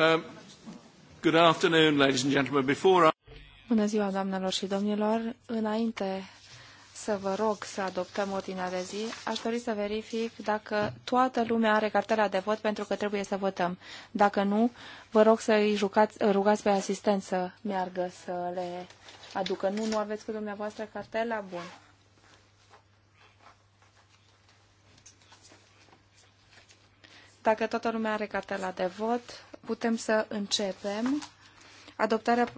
Um, good afternoon, ladies and gentlemen. Before I... Bună ziua, doamnelor și domnilor. Înainte să vă rog să adoptăm ordinea de zi, aș dori să verific dacă toată lumea are cartela de vot pentru că trebuie să votăm. Dacă nu, vă rog să îi jucați, rugați pe asistent să meargă să le aducă. Nu, nu aveți cu dumneavoastră cartela? Bun. Dacă toată lumea are cartela de vot, putem să începem adoptarea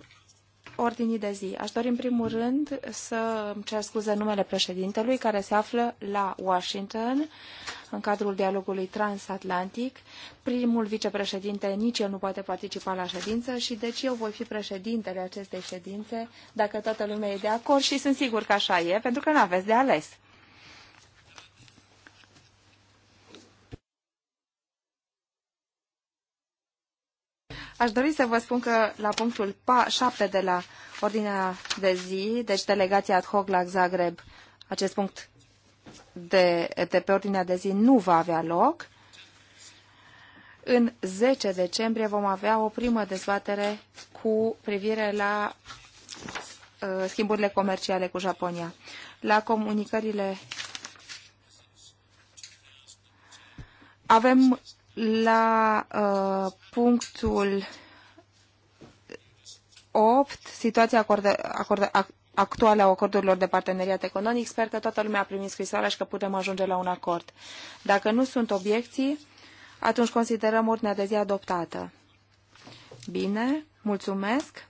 ordinii de zi. Aș dori în primul rând să îmi cer scuze numele președintelui care se află la Washington în cadrul dialogului transatlantic. Primul vicepreședinte nici el nu poate participa la ședință și deci eu voi fi președintele acestei ședințe dacă toată lumea e de acord și sunt sigur că așa e, pentru că nu aveți de ales. Aș dori să vă spun că la punctul 7 de la ordinea de zi, deci delegația ad hoc la Zagreb, acest punct de, de pe ordinea de zi nu va avea loc. În 10 decembrie vom avea o primă dezbatere cu privire la uh, schimburile comerciale cu Japonia. La comunicările avem la uh, punctul 8, situația acordă, acordă, actuală a acordurilor de parteneriat economic, sper că toată lumea a primit scrisoarea și că putem ajunge la un acord. Dacă nu sunt obiecții, atunci considerăm ordinea de zi adoptată. Bine, mulțumesc.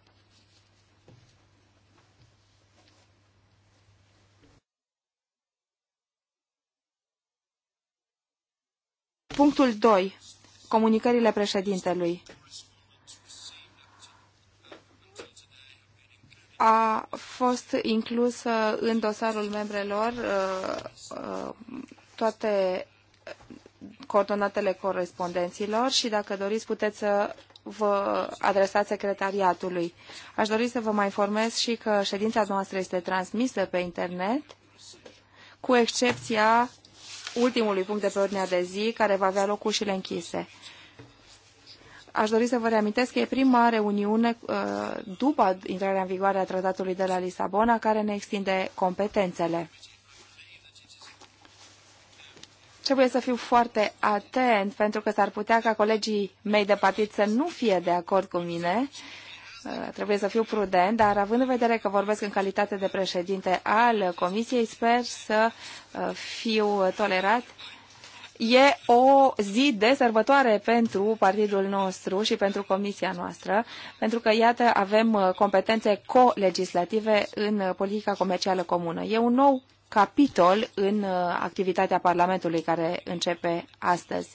Punctul 2. Comunicările președintelui. A fost inclusă în dosarul membrelor uh, uh, toate uh, coordonatele corespondenților și dacă doriți puteți să vă adresați secretariatului. Aș dori să vă mai informez și că ședința noastră este transmisă pe internet, cu excepția ultimului punct de pe ordinea de zi, care va avea loc ușile închise. Aș dori să vă reamintesc că e prima reuniune uh, după intrarea în vigoare a tratatului de la Lisabona, care ne extinde competențele. Trebuie să fiu foarte atent, pentru că s-ar putea ca colegii mei de partid să nu fie de acord cu mine, uh, Eh, trebuie să fiu prudent, dar având în vedere că vorbesc în calitate de președinte al Comisiei, sper să eh, fiu tolerat. E o zi de sărbătoare pentru partidul nostru și pentru comisia noastră, pentru că, iată, avem eh, competențe co-legislative în politica comercială comună. E un nou capitol în activitatea Parlamentului care începe astăzi.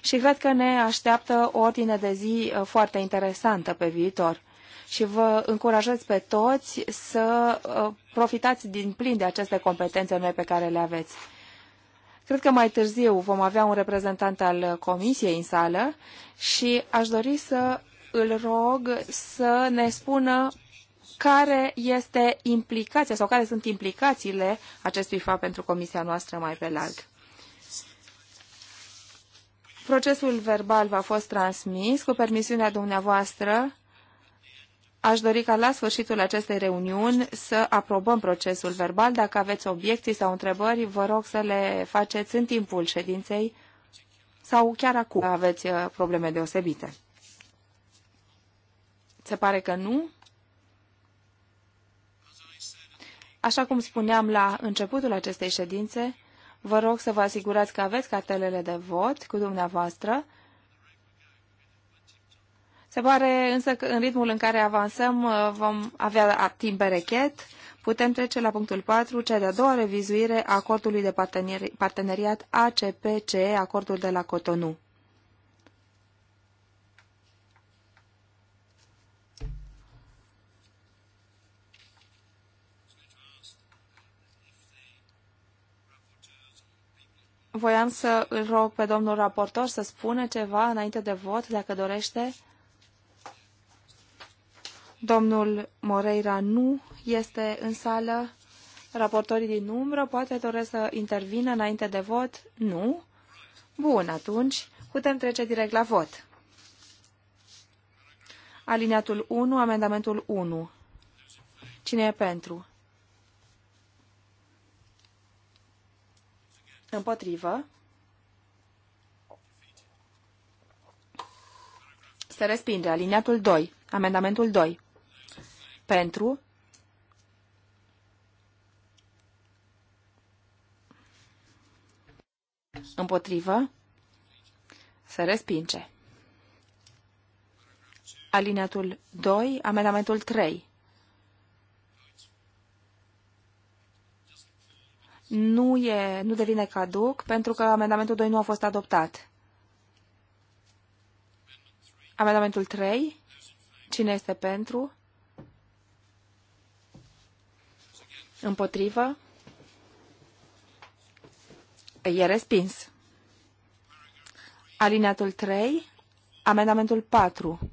Și cred că ne așteaptă o ordine de zi foarte interesantă pe viitor și vă încurajez pe toți să uh, profitați din plin de aceste competențe noi pe care le aveți. Cred că mai târziu vom avea un reprezentant al comisiei în sală și aș dori să îl rog să ne spună care este implicația sau care sunt implicațiile acestui fapt pentru comisia noastră mai pe larg. Procesul verbal v-a fost transmis cu permisiunea dumneavoastră. Aș dori ca la sfârșitul acestei reuniuni să aprobăm procesul verbal. Dacă aveți obiecții sau întrebări, vă rog să le faceți în timpul ședinței sau chiar acum aveți uh, probleme deosebite. Se pare că nu. Așa cum spuneam la începutul acestei ședințe, vă rog să vă asigurați că aveți cartelele de vot cu dumneavoastră se pare însă că în ritmul în care avansăm uh, vom avea timp berechet. Putem trece la punctul 4, cea de-a doua revizuire a acordului de parteneri parteneriat ACPCE, acordul de la Cotonou. Voiam să îl rog pe domnul raportor să spună ceva înainte de vot, dacă dorește. Domnul Moreira nu este în sală. Raportorii din umbră poate doresc să intervină înainte de vot? Nu? Bun, atunci putem trece direct la vot. Alineatul 1, amendamentul 1. Cine e pentru? Împotrivă. Se respinge. Alineatul 2. Amendamentul 2 pentru, împotrivă, se respinge. Alineatul 2, amendamentul 3. Nu, e, nu devine caduc pentru că amendamentul 2 nu a fost adoptat. Amendamentul 3. Cine este pentru? Împotrivă. E respins. Alineatul 3, amendamentul 4.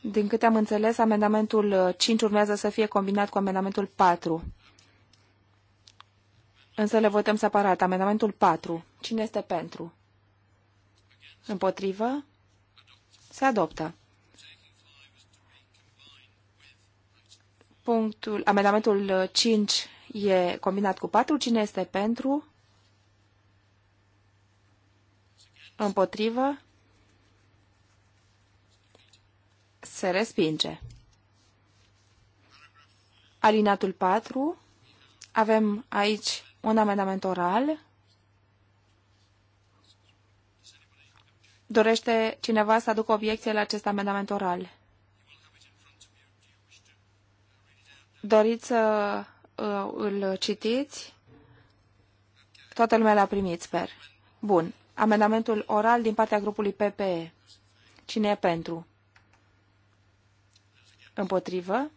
Din câte am înțeles, amendamentul 5 urmează să fie combinat cu amendamentul 4. Însă le votăm separat. Amendamentul 4. Cine este pentru? Împotrivă? Se adoptă. Punctul, amendamentul 5 e combinat cu 4. Cine este pentru? Împotrivă? Se respinge. Alinatul 4. Avem aici un amendament oral. Dorește cineva să aducă obiecție la acest amendament oral? Doriți să uh, îl citiți? Toată lumea l-a primit, sper. Bun. Amendamentul oral din partea grupului PPE. Cine e pentru? Împotrivă?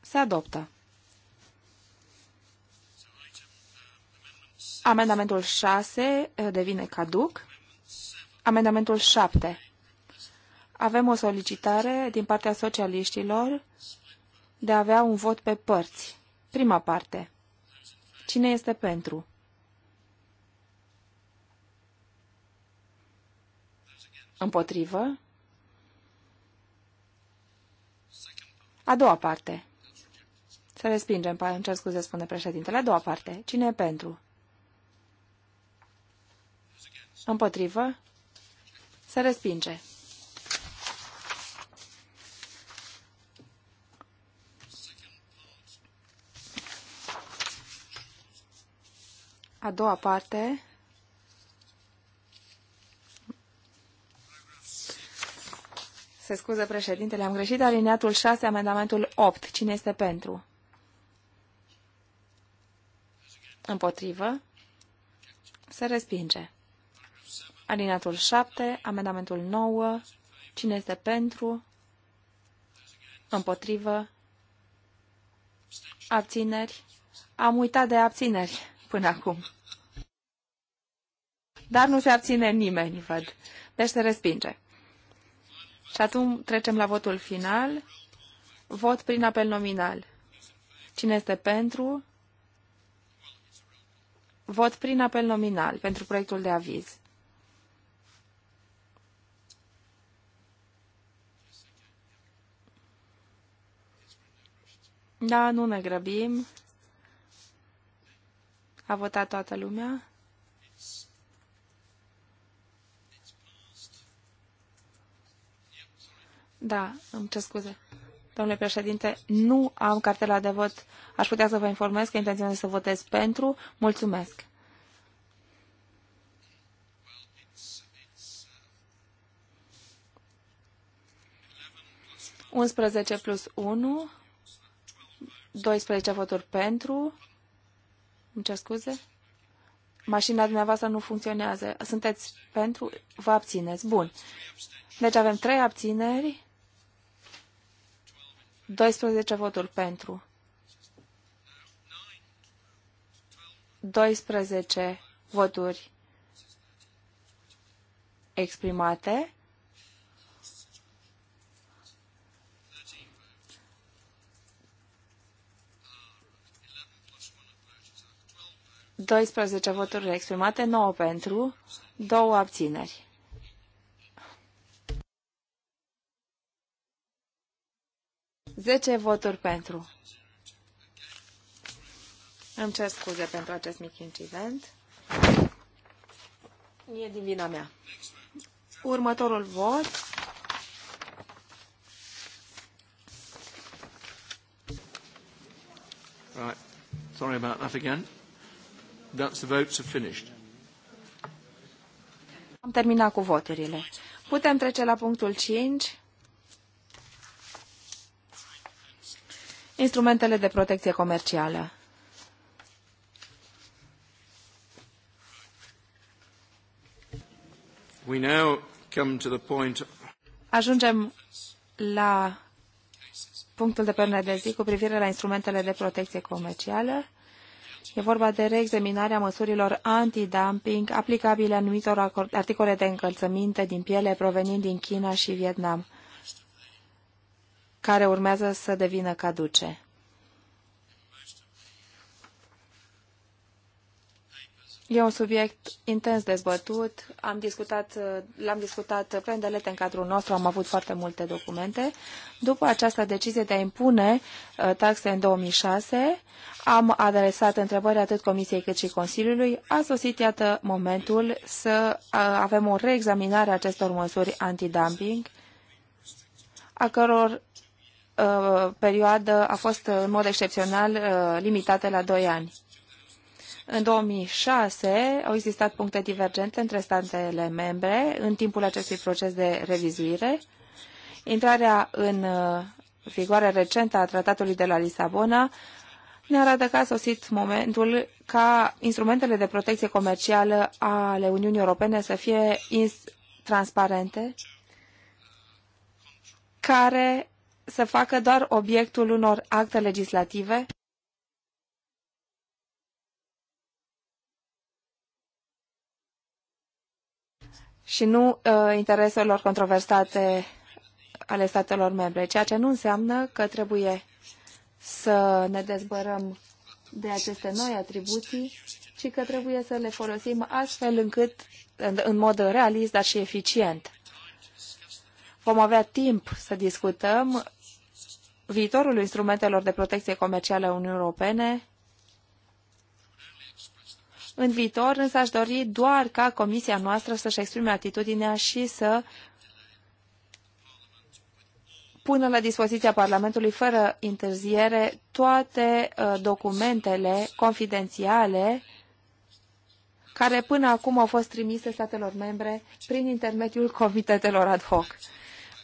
Se adoptă. Amendamentul 6 uh, devine caduc. Amendamentul 7 avem o solicitare din partea socialiștilor de a avea un vot pe părți. Prima parte. Cine este pentru? Împotrivă? A doua parte. Să respingem, îmi cer scuze, spune președintele. A doua parte. Cine e pentru? Împotrivă? Se respinge. a doua parte, se scuze președintele, am greșit alineatul 6, amendamentul 8. Cine este pentru? Împotrivă. Se respinge. Alineatul 7, amendamentul 9. Cine este pentru? Împotrivă. Abțineri. Am uitat de abțineri până acum dar nu se abține nimeni, văd. Deci se respinge. Și atunci trecem la votul final. Vot prin apel nominal. Cine este pentru? Vot prin apel nominal pentru proiectul de aviz. Da, nu ne grăbim. A votat toată lumea. Da, îmi cer scuze. Domnule președinte, nu am cartela de vot. Aș putea să vă informez că intenționez să votez pentru. Mulțumesc. Unsprezece plus unu, doisprezece voturi pentru. Îmi cer scuze. Mașina dumneavoastră nu funcționează. Sunteți pentru? Vă abțineți. Bun. Deci avem trei abțineri. 12 voturi pentru. 12 voturi exprimate. 12 voturi exprimate, 9 pentru, 2 abțineri. 10 voturi pentru. Îmi cer scuze pentru acest mic incident. E din vina mea. Următorul vot. Right. Sorry about that again. That's the votes are finished. Am terminat cu voturile. Putem trece la punctul 5. instrumentele de protecție comercială. We now come to the point... Ajungem la punctul de pernă de zi cu privire la instrumentele de protecție comercială. E vorba de reexaminarea măsurilor antidumping aplicabile anumitor articole de încălțăminte din piele provenind din China și Vietnam care urmează să devină caduce. E un subiect intens dezbătut. Am discutat, l-am discutat prendelete în cadrul nostru, am avut foarte multe documente. După această decizie de a impune uh, taxe în 2006, am adresat întrebări atât Comisiei cât și Consiliului. A sosit, iată, momentul să uh, avem o reexaminare a acestor măsuri antidumping, a căror Uh, perioadă a fost uh, în mod excepțional uh, limitată la 2 ani. În 2006 au existat puncte divergente între statele membre în timpul acestui proces de revizuire. Intrarea în vigoare recentă a Tratatului de la Lisabona ne arată că a sosit momentul ca instrumentele de protecție comercială ale Uniunii Europene să fie transparente, care să facă doar obiectul unor acte legislative? și nu uh, intereselor controversate ale statelor membre, ceea ce nu înseamnă că trebuie să ne dezbărăm de aceste noi atribuții, ci că trebuie să le folosim astfel încât, în, în mod realist, dar și eficient. Vom avea timp să discutăm viitorul instrumentelor de protecție comercială a Uniunii Europene în viitor, însă aș dori doar ca comisia noastră să-și exprime atitudinea și să pună la dispoziția Parlamentului fără întârziere toate uh, documentele confidențiale care până acum au fost trimise statelor membre prin intermediul comitetelor ad hoc.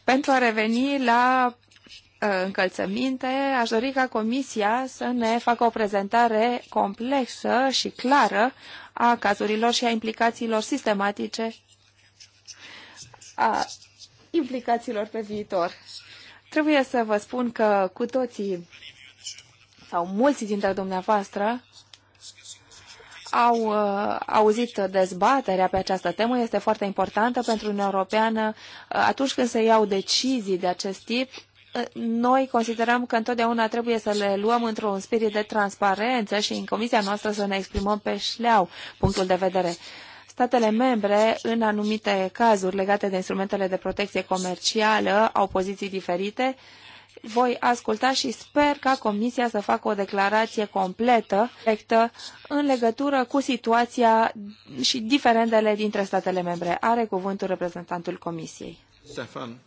Pentru a reveni la Uh, încălțăminte, aș dori ca Comisia să ne facă o prezentare complexă și clară a cazurilor și a implicațiilor sistematice, a implicațiilor pe viitor. Trebuie să vă spun că cu toții sau mulți dintre dumneavoastră au uh, auzit dezbaterea pe această temă, este foarte importantă pentru Uniunea Europeană uh, atunci când se iau decizii de acest tip, noi considerăm că întotdeauna trebuie să le luăm într-un spirit de transparență și în comisia noastră să ne exprimăm pe șleau punctul de vedere. Statele membre, în anumite cazuri legate de instrumentele de protecție comercială, au poziții diferite. Voi asculta și sper ca Comisia să facă o declarație completă în legătură cu situația și diferendele dintre statele membre. Are cuvântul reprezentantul Comisiei. Stefan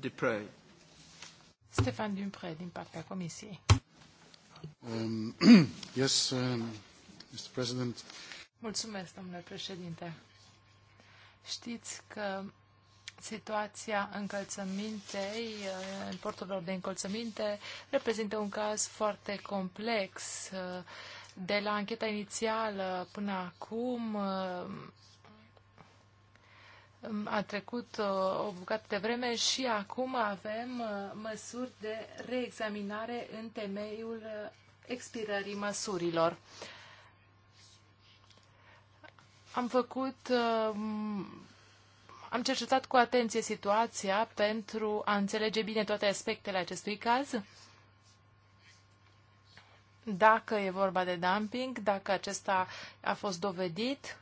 Dupre. Stefan Dumpre, din partea Comisiei. Um, yes, um, Mr. President. Mulțumesc, domnule președinte. Știți că situația încălțămintei, uh, porturilor de încălțăminte, reprezintă un caz foarte complex. Uh, de la ancheta inițială până acum uh, a trecut uh, o bucată de vreme și acum avem uh, măsuri de reexaminare în temeiul uh, expirării măsurilor. Am făcut, am cercetat cu atenție situația pentru a înțelege bine toate aspectele acestui caz. Dacă e vorba de dumping, dacă acesta a fost dovedit,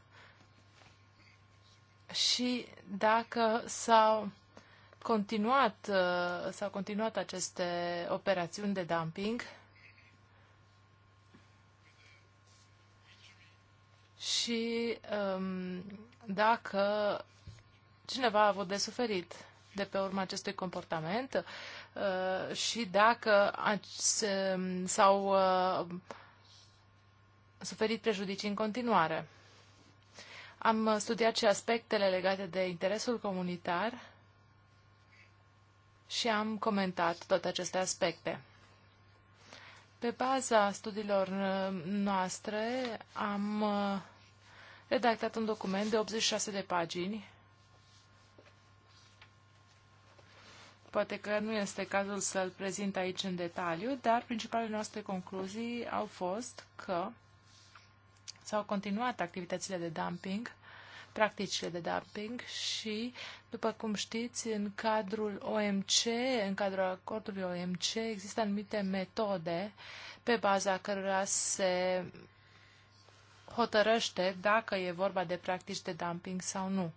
și dacă s-au continuat, uh, s-au continuat aceste operațiuni de dumping și um, dacă cineva a avut de suferit de pe urma acestui comportament uh, și dacă s-au uh, suferit prejudicii în continuare. Am studiat și aspectele legate de interesul comunitar și am comentat toate aceste aspecte. Pe baza studiilor uh, noastre am uh, redactat un document de 86 de pagini. Poate că nu este cazul să-l prezint aici în detaliu, dar principalele noastre concluzii au fost că S-au continuat activitățile de dumping, practicile de dumping și, după cum știți, în cadrul OMC, în cadrul acordului OMC, există anumite metode pe baza cărora se hotărăște dacă e vorba de practici de dumping sau nu.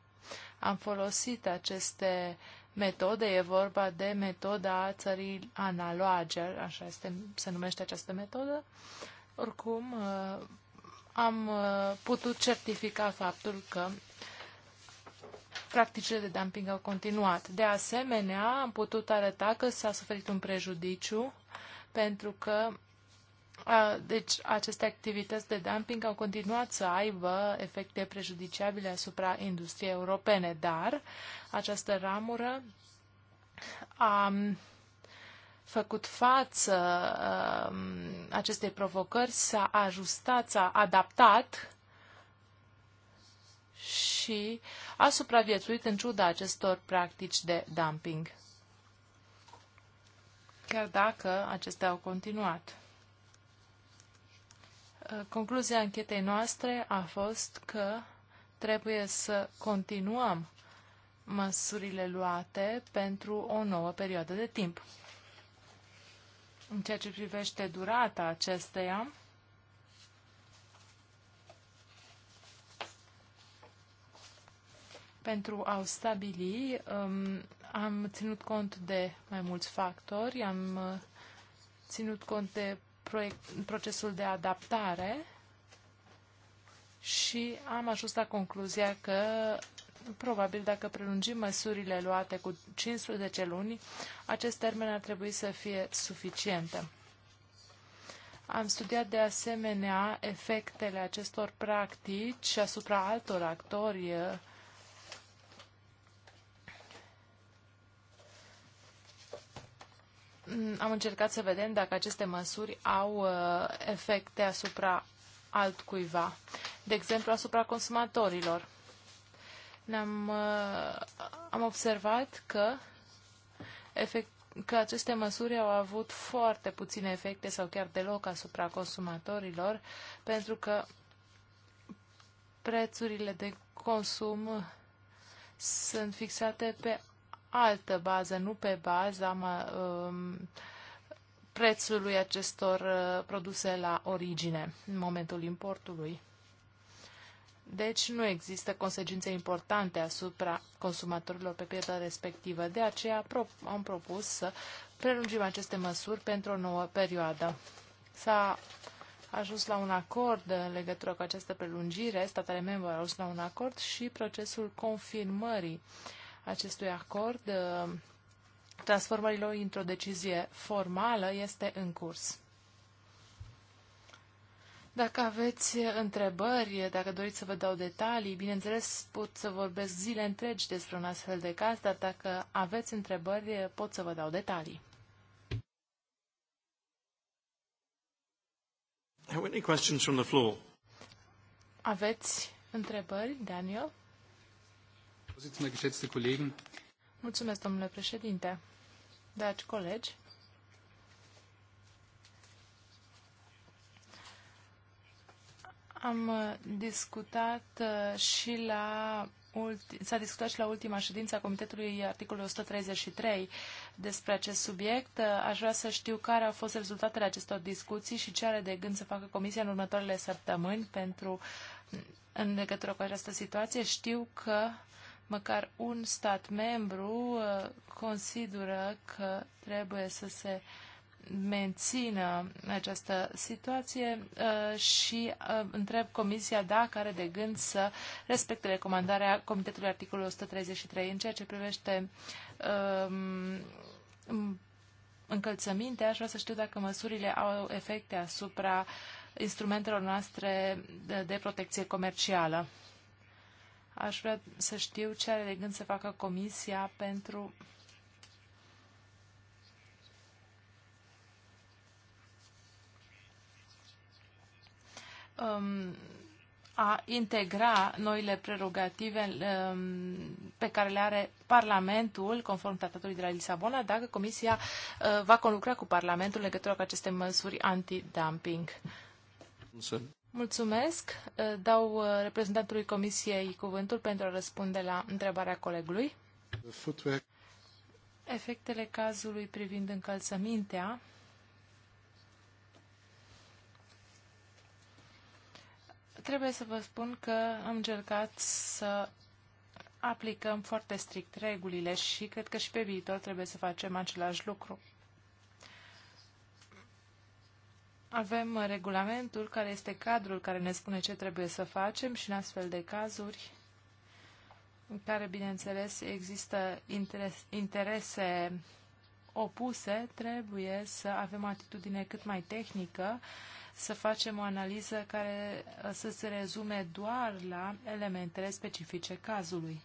Am folosit aceste metode, e vorba de metoda țării analoage, așa este, se numește această metodă. Oricum, am uh, putut certifica faptul că practicile de dumping au continuat. De asemenea, am putut arăta că s-a suferit un prejudiciu pentru că a, deci aceste activități de dumping au continuat să aibă efecte prejudiciabile asupra industriei europene, dar această ramură a, făcut față um, acestei provocări, s-a ajustat, s-a adaptat și a supraviețuit în ciuda acestor practici de dumping, chiar dacă acestea au continuat. Uh, concluzia închetei noastre a fost că trebuie să continuăm măsurile luate pentru o nouă perioadă de timp. În ceea ce privește durata acesteia, pentru a o stabili, um, am ținut cont de mai mulți factori, am uh, ținut cont de proiect, procesul de adaptare și am ajuns la concluzia că Probabil dacă prelungim măsurile luate cu 15 luni, acest termen ar trebui să fie suficient. Am studiat de asemenea efectele acestor practici asupra altor actori eh, am încercat să vedem dacă aceste măsuri au eh, efecte asupra altcuiva, de exemplu asupra consumatorilor ne-am, uh, am observat că, efect, că aceste măsuri au avut foarte puține efecte sau chiar deloc asupra consumatorilor, pentru că prețurile de consum sunt fixate pe altă bază, nu pe baza mă, um, prețului acestor uh, produse la origine în momentul importului. Deci nu există consecințe importante asupra consumatorilor pe piața respectivă. De aceea am propus să prelungim aceste măsuri pentru o nouă perioadă. S-a ajuns la un acord în legătură cu această prelungire, statele membre au ajuns la un acord și procesul confirmării acestui acord, ă, transformărilor într-o decizie formală, este în curs. Dacă aveți întrebări, dacă doriți să vă dau detalii, bineînțeles pot să vorbesc zile întregi despre un astfel de caz, dar dacă aveți întrebări pot să vă dau detalii. Have any questions from the floor? Aveți întrebări, Daniel? Mulțumesc, domnule președinte. Dragi colegi, Am uh, discutat uh, și la s-a discutat și la ultima ședință a Comitetului articolul 133 despre acest subiect. Uh, aș vrea să știu care au fost rezultatele acestor discuții și ce are de gând să facă Comisia în următoarele săptămâni pentru mm, în legătură cu această situație. Știu că măcar un stat membru consideră că trebuie să se uh, mențină această situație uh, și uh, întreb Comisia dacă are de gând să respecte recomandarea Comitetului articolul 133 în ceea ce privește um, încălțăminte. Aș vrea să știu dacă măsurile au efecte asupra instrumentelor noastre de protecție comercială. Aș vrea să știu ce are de gând să facă Comisia pentru um, a integra noile prerogative um, pe care le are Parlamentul, conform tratatului de la Lisabona, dacă Comisia uh, va conlucra cu Parlamentul în legătură cu aceste măsuri anti-dumping. Mulțumesc. Uh, dau uh, reprezentantului Comisiei cuvântul pentru a răspunde la întrebarea colegului. Efectele cazului privind încălțămintea trebuie să vă spun că am încercat să aplicăm foarte strict regulile și cred că și pe viitor trebuie să facem același lucru. Avem regulamentul care este cadrul care ne spune ce trebuie să facem și în astfel de cazuri în care, bineînțeles, există interese opuse, trebuie să avem atitudine cât mai tehnică să facem o analiză care uh, să se rezume doar la elementele specifice cazului.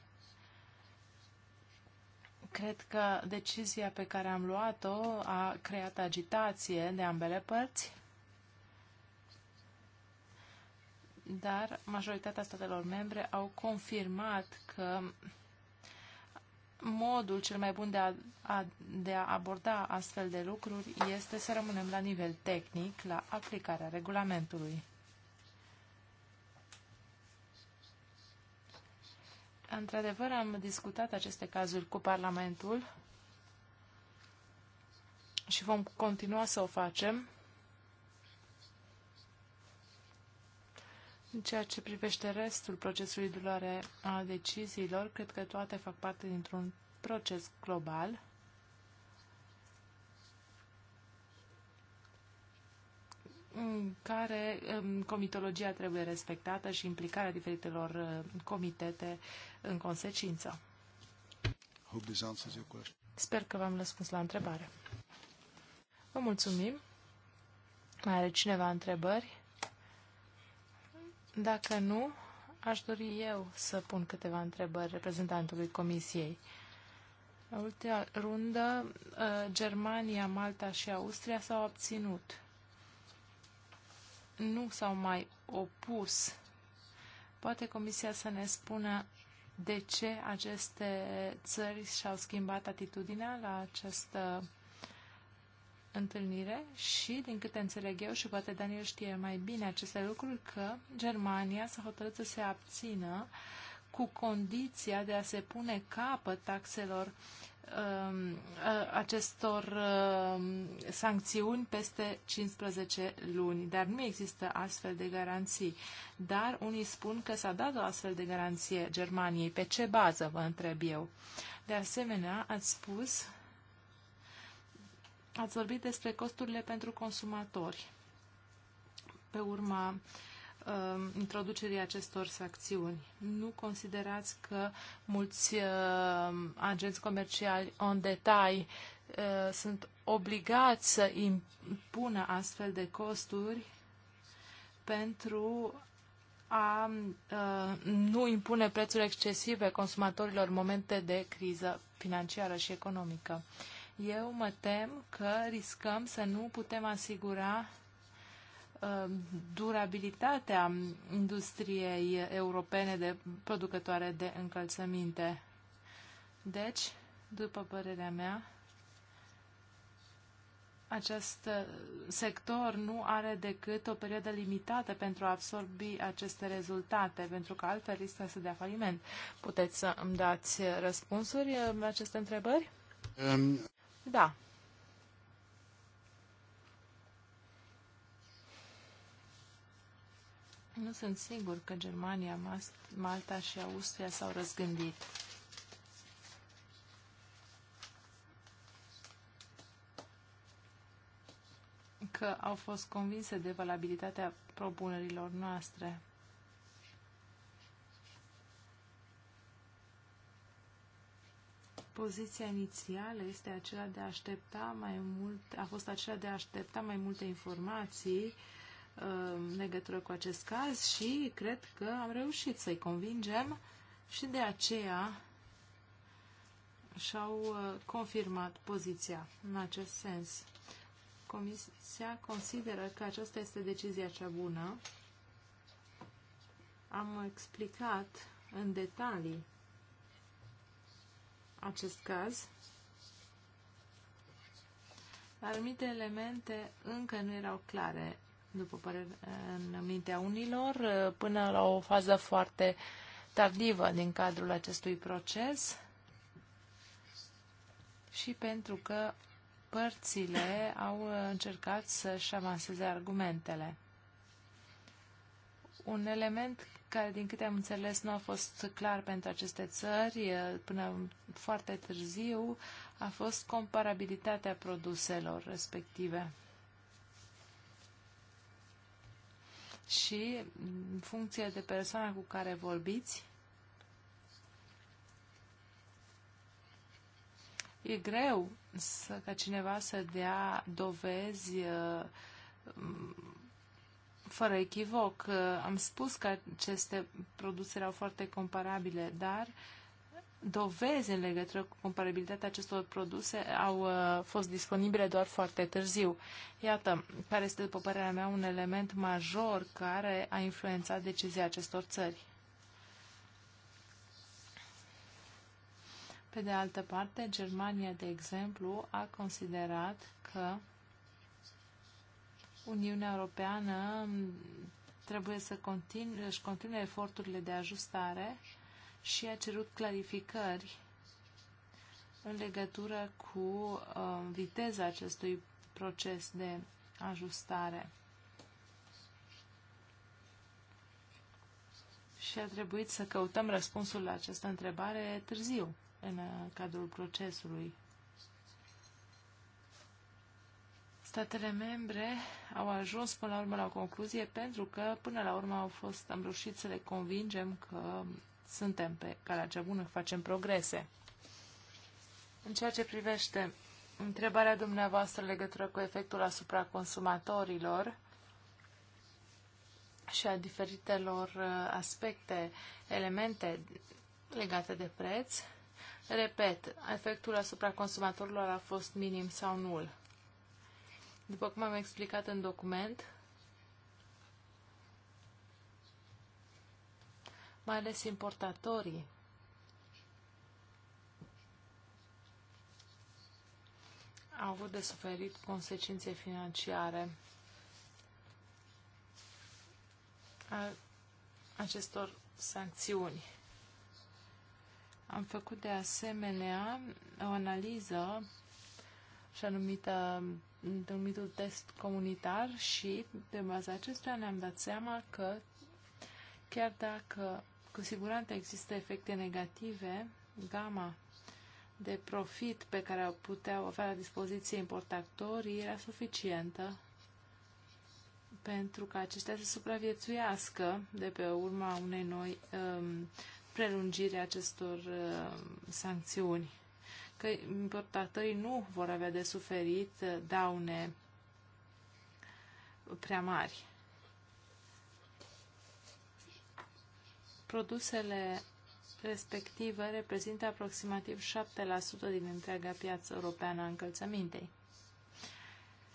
Cred că decizia pe care am luat-o a creat agitație de ambele părți, dar majoritatea statelor membre au confirmat că modul cel mai bun de a, a, de a aborda astfel de lucruri este să rămânem la nivel tehnic, la aplicarea regulamentului. Într-adevăr, am discutat aceste cazuri cu Parlamentul și vom continua să o facem. În ceea ce privește restul procesului de luare a deciziilor, cred că toate fac parte dintr-un proces global. în care um, comitologia trebuie respectată și implicarea diferitelor uh, comitete în consecință. Sper că v-am răspuns la întrebare. Vă mulțumim. Mai are cineva întrebări? Dacă nu, aș dori eu să pun câteva întrebări reprezentantului Comisiei. Ultima rundă, uh, Germania, Malta și Austria s-au abținut. Nu s-au mai opus. Poate Comisia să ne spună de ce aceste țări și-au schimbat atitudinea la această întâlnire și, din câte înțeleg eu, și poate Daniel știe mai bine aceste lucruri, că Germania s-a hotărât să se abțină cu condiția de a se pune capăt taxelor um, uh, acestor um, sancțiuni peste 15 luni, dar nu există astfel de garanții. Dar unii spun că s-a dat o astfel de garanție Germaniei. Pe ce bază, vă întreb eu? De asemenea, ați spus ați vorbit despre costurile pentru consumatori pe urma uh, introducerii acestor sancțiuni. Nu considerați că mulți uh, agenți comerciali în detail uh, sunt obligați să impună astfel de costuri pentru a uh, nu impune prețuri excesive consumatorilor în momente de criză financiară și economică. Uh, eu mă tem că riscăm să nu putem asigura uh, durabilitatea industriei europene de producătoare de încălțăminte. Deci, după părerea mea, acest uh, sector nu are decât o perioadă limitată pentru a absorbi aceste rezultate, pentru că altfel riscă să dea faliment. Puteți să îmi dați răspunsuri la uh, aceste întrebări? Um. Da. Nu sunt sigur că Germania, Malta și Austria s-au răzgândit. Că au fost convinse de valabilitatea propunerilor noastre. poziția inițială este aceea de a aștepta mai mult, a fost aceea de a aștepta mai multe informații um, în legătură cu acest caz și cred că am reușit să-i convingem și de aceea și-au uh, confirmat poziția în acest sens. Comisia consideră că aceasta este decizia cea bună. Am explicat în detalii acest caz. Anumite elemente încă nu erau clare, după părere, în mintea unilor, până la o fază foarte tardivă din cadrul acestui proces și pentru că părțile au încercat să-și avanseze argumentele. Un element care, din câte am înțeles, nu a fost clar pentru aceste țări până foarte târziu, a fost comparabilitatea produselor respective. Și, în funcție de persoana cu care vorbiți, e greu să, ca cineva să dea dovezi fără echivoc. Uh, am spus că aceste produse erau foarte comparabile, dar dovezi în legătură cu comparabilitatea acestor produse au uh, fost disponibile doar foarte târziu. Iată, care este, după părerea mea, un element major care a influențat decizia acestor țări. Pe de altă parte, Germania, de exemplu, a considerat că Uniunea Europeană trebuie să continue, își continue eforturile de ajustare și a cerut clarificări în legătură cu uh, viteza acestui proces de ajustare. Și a trebuit să căutăm răspunsul la această întrebare târziu, în uh, cadrul procesului. statele membre au ajuns până la urmă la o concluzie pentru că până la urmă au fost, am reușit să le convingem că suntem pe calea cea bună, facem progrese. În ceea ce privește întrebarea dumneavoastră legătură cu efectul asupra consumatorilor și a diferitelor uh, aspecte, elemente legate de preț, repet, efectul asupra consumatorilor a fost minim sau nul. După cum am explicat în document, mai ales importatorii au avut de suferit consecințe financiare a acestor sancțiuni. Am făcut de asemenea o analiză și anumită numitul test comunitar și pe baza acestuia ne-am dat seama că chiar dacă cu siguranță există efecte negative, gama de profit pe care o puteau avea la dispoziție importatorii era suficientă pentru ca aceștia să supraviețuiască de pe urma unei noi um, prelungiri acestor um, sancțiuni că importatorii nu vor avea de suferit daune prea mari. Produsele respective reprezintă aproximativ 7% din întreaga piață europeană a încălțămintei.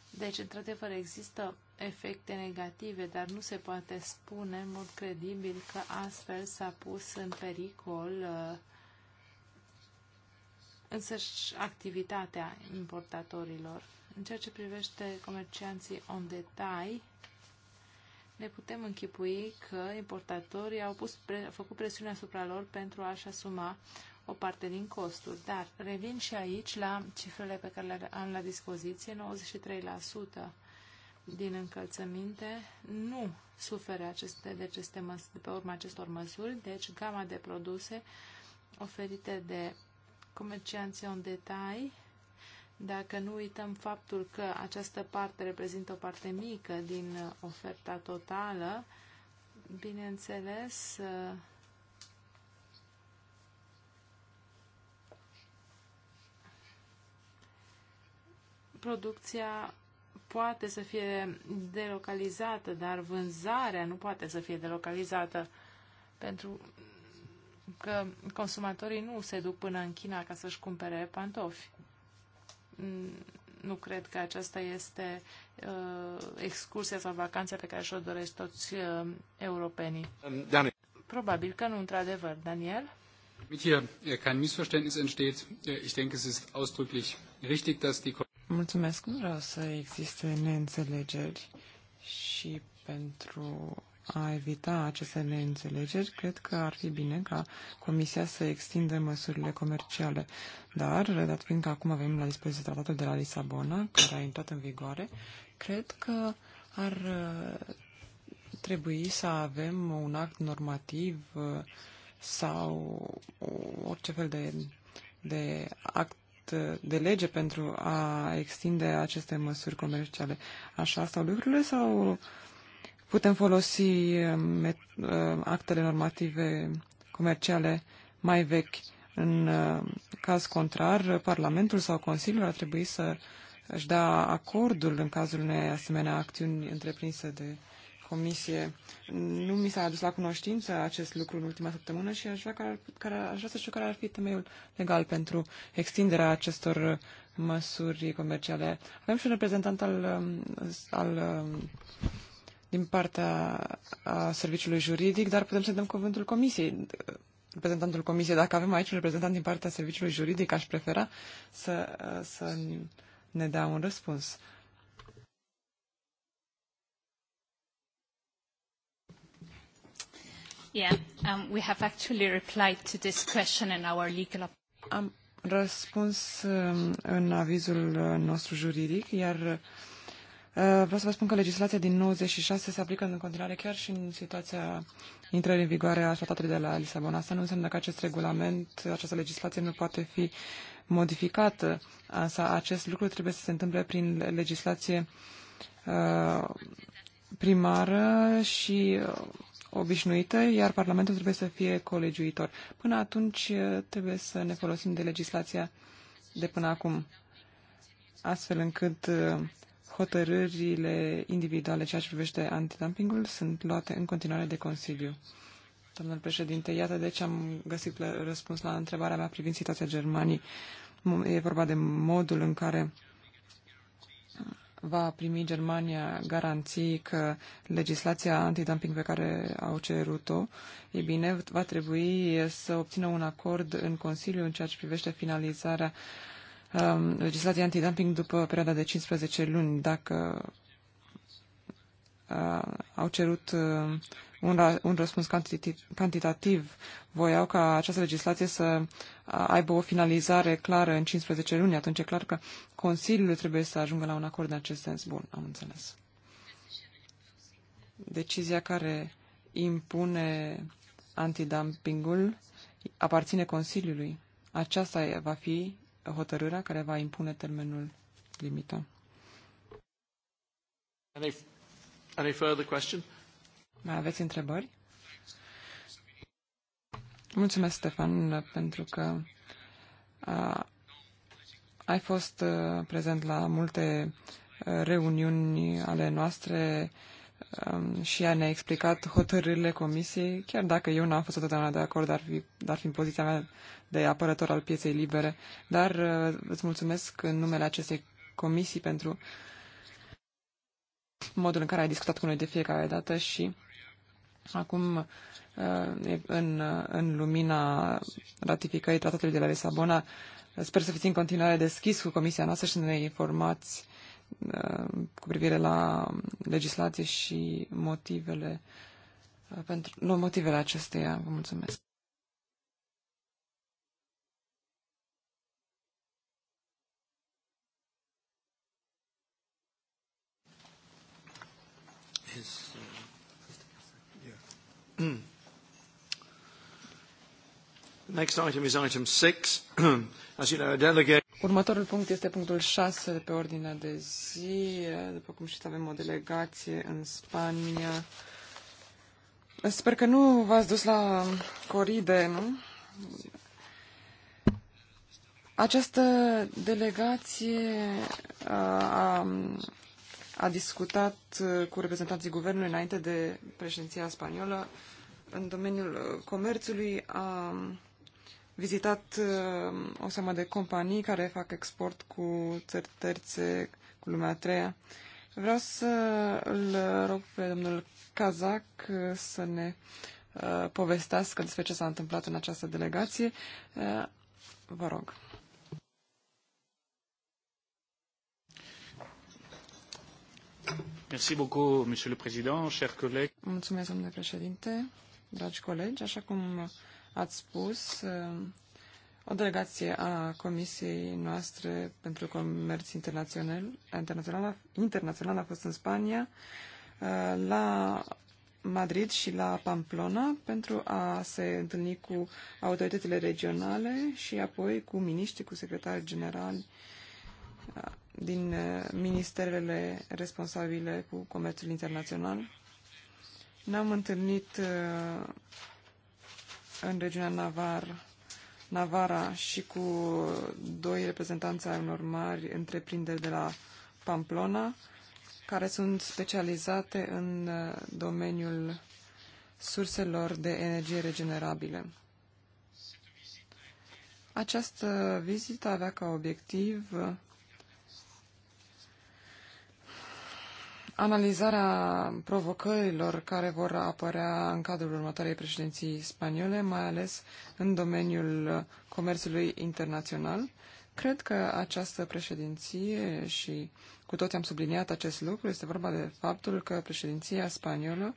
Deci, într-adevăr, există efecte negative, dar nu se poate spune în mod credibil că astfel s-a pus în pericol uh, însăși activitatea importatorilor. În ceea ce privește comercianții în detai, ne putem închipui că importatorii au pus pre, făcut presiune asupra lor pentru a-și asuma o parte din costuri. Dar revin și aici la cifrele pe care le am la dispoziție. 93% din încălțăminte nu suferă aceste, de, aceste, de pe urma acestor măsuri, deci gama de produse oferite de comercianții în detalii, dacă nu uităm faptul că această parte reprezintă o parte mică din uh, oferta totală, bineînțeles, uh, producția poate să fie delocalizată, dar vânzarea nu poate să fie delocalizată pentru că consumatorii nu se duc până în China ca să-și cumpere pantofi. Nu cred că aceasta este uh, excursia sau vacanța pe care și-o doresc toți uh, europenii. Um, Daniel. Probabil că nu, într-adevăr, Daniel. Äh, äh, Mulțumesc, nu vreau să existe neînțelegeri și pentru a evita aceste neînțelegeri, cred că ar fi bine ca Comisia să extindă măsurile comerciale. Dar, dat fiind că acum avem la dispoziție tratatul de la Lisabona, care a intrat în vigoare, cred că ar uh, trebui să avem un act normativ uh, sau orice fel de, de act uh, de lege pentru a extinde aceste măsuri comerciale. Așa stau lucrurile sau putem folosi um, um, actele normative comerciale mai vechi. În um, caz contrar, Parlamentul sau Consiliul ar trebui să își dea acordul în cazul unei asemenea acțiuni întreprinse de comisie. Nu mi s-a adus la cunoștință acest lucru în ultima săptămână și aș vrea, care, care, aș vrea să știu care ar fi temeiul legal pentru extinderea acestor măsuri comerciale. Avem și un reprezentant al, al din partea a serviciului juridic, dar putem să dăm cuvântul comisiei. Reprezentantul comisiei, dacă avem aici un reprezentant din partea serviciului juridic, aș prefera să, să ne dea un răspuns. Yeah, um, we have actually replied to this question in our legal Am răspuns um, în avizul uh, nostru juridic, iar uh, Uh, vreau să vă spun că legislația din 96 se aplică în continuare chiar și în situația intrării în vigoare a tratatului de la Lisabona. Asta nu înseamnă că acest regulament, această legislație nu poate fi modificată, însă acest lucru trebuie să se întâmple prin legislație uh, primară și uh, obișnuită, iar Parlamentul trebuie să fie colegiuitor. Până atunci trebuie să ne folosim de legislația de până acum, astfel încât hotărârile individuale ceea ce privește antidumpingul sunt luate în continuare de Consiliu. Domnul președinte, iată deci am găsit răspuns la întrebarea mea privind situația Germanii. E vorba de modul în care va primi Germania garanții că legislația antidumping pe care au cerut-o, e bine, va trebui să obțină un acord în Consiliu în ceea ce privește finalizarea uh, Um, legislația antidumping după perioada de 15 luni, dacă uh, au cerut uh, un, un răspuns cantitativ, voiau ca această legislație să uh, aibă o finalizare clară în 15 luni, atunci e clar că Consiliul trebuie să ajungă la un acord în acest sens. Bun, am înțeles. Decizia care impune antidumpingul aparține Consiliului. Aceasta va fi hotărârea care va impune termenul limită. Any, any further question? Mai aveți întrebări? Mulțumesc, Stefan, pentru că a, ai fost prezent la multe reuniuni ale noastre și ea ne-a explicat hotărârile comisiei, chiar dacă eu n-am fost totdeauna de acord, dar fi, dar fi în poziția mea de apărător al pieței libere. Dar uh, îți mulțumesc în numele acestei comisii pentru modul în care ai discutat cu noi de fiecare dată și acum uh, în, uh, în lumina ratificării tratatului de la Lisabona, sper să fiți în continuare deschis cu comisia noastră și să ne informați Uh, cu privire la legislație și motivele uh, pentru nu, motivele acesteia. Vă mulțumesc. Uh, Next item is item six. Următorul punct este punctul 6 de pe ordinea de zi. După cum știți, avem o delegație în Spania. Sper că nu v-ați dus la coride, nu? Această delegație a, a discutat cu reprezentanții guvernului înainte de președinția spaniolă în domeniul comerțului. A, vizitat uh, o seamă de companii care fac export cu țări terțe, cu lumea a treia. Vreau să îl rog pe domnul Kazak uh, să ne uh, povestească despre ce s-a întâmplat în această delegație. Uh, vă rog. Merci beaucoup, Monsieur le Président, chers collègues. Mulțumesc, domnule președinte, dragi colegi. Așa cum ați spus, uh, o delegație a Comisiei noastre pentru Comerț Internațional, internațional, internațional a fost în Spania, uh, la Madrid și la Pamplona pentru a se întâlni cu autoritățile regionale și apoi cu miniștri, cu secretari generali uh, din ministerele responsabile cu comerțul internațional. Ne-am întâlnit în regiunea Navar, Navara și cu doi reprezentanți ai unor mari întreprinderi de la Pamplona, care sunt specializate în uh, domeniul surselor de energie regenerabile. Această vizită avea ca obiectiv analizarea provocărilor care vor apărea în cadrul următoarei președinții spaniole, mai ales în domeniul comerțului internațional. Cred că această președinție și cu toți am subliniat acest lucru, este vorba de faptul că președinția spaniolă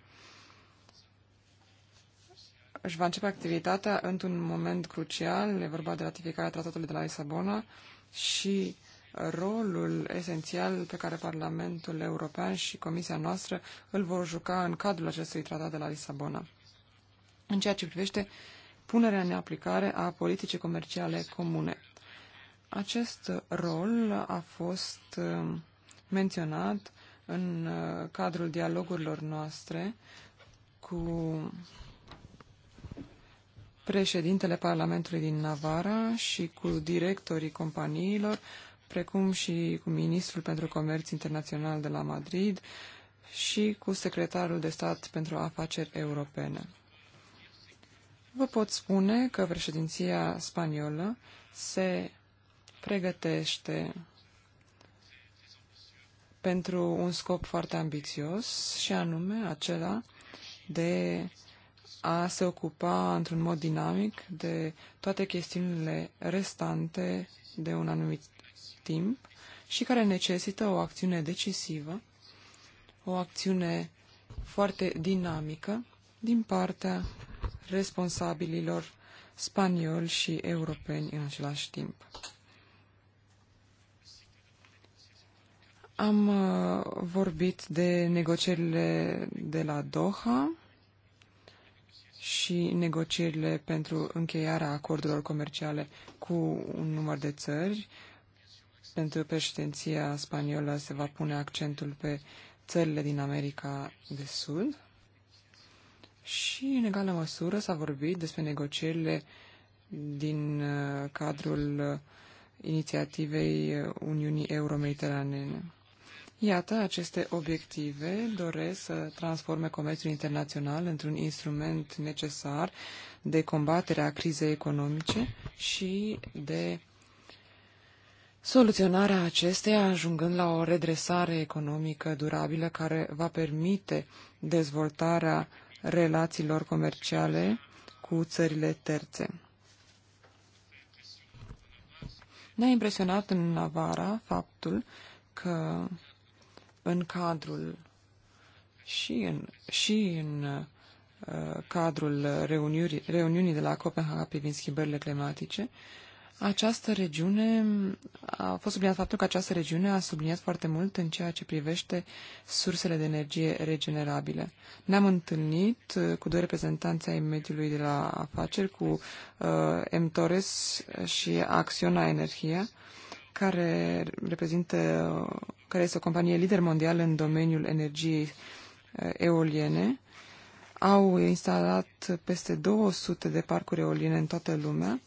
își va începe activitatea într-un moment crucial, e vorba de ratificarea tratatului de la Lisabona și rolul esențial pe care Parlamentul European și Comisia noastră îl vor juca în cadrul acestui tratat de la Lisabona. În ceea ce privește punerea în aplicare a politicii comerciale comune. Acest rol a fost uh, menționat în uh, cadrul dialogurilor noastre cu președintele Parlamentului din Navara și cu directorii companiilor, precum și cu ministrul pentru comerț internațional de la Madrid și cu secretarul de stat pentru afaceri europene. Vă pot spune că președinția spaniolă se pregătește pentru un scop foarte ambițios și anume acela de a se ocupa într-un mod dinamic de toate chestiunile restante de un anumit timp și care necesită o acțiune decisivă, o acțiune foarte dinamică din partea responsabililor spanioli și europeni în același timp. Am uh, vorbit de negocierile de la Doha și negocierile pentru încheierea acordurilor comerciale cu un număr de țări, pentru președinția spaniolă se va pune accentul pe țările din America de Sud și, în egală măsură, s-a vorbit despre negocierile din uh, cadrul uh, inițiativei uh, Uniunii euro Euro-Mediteranene. Iată, aceste obiective doresc să transforme comerțul internațional într-un instrument necesar de combatere a crizei economice și de soluționarea acesteia ajungând la o redresare economică durabilă care va permite dezvoltarea relațiilor comerciale cu țările terțe. Ne-a impresionat în Navara faptul că în cadrul și în, și în uh, cadrul reuniunii, reuniunii de la Copenhaga privind schimbările climatice, uh, această regiune, a fost subliniat faptul că această regiune a subliniat foarte mult în ceea ce privește sursele de energie regenerabile. Ne-am întâlnit uh, cu doi reprezentanți ai mediului de la afaceri, cu uh, M. Torres și Acționa Energia, care reprezintă, uh, care este o companie lider mondial în domeniul energiei uh, eoliene. Au instalat peste 200 de parcuri eoliene în toată lumea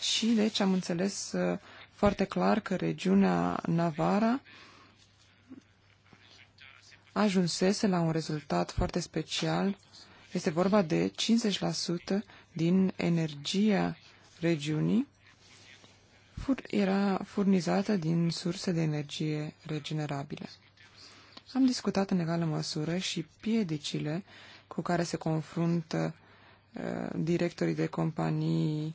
și deci am înțeles uh, foarte clar că regiunea Navara ajunsese la un rezultat foarte special. Este vorba de 50% din energia regiunii era furnizată din surse de energie regenerabile. Am discutat în egală măsură și piedicile cu care se confruntă uh, directorii de companii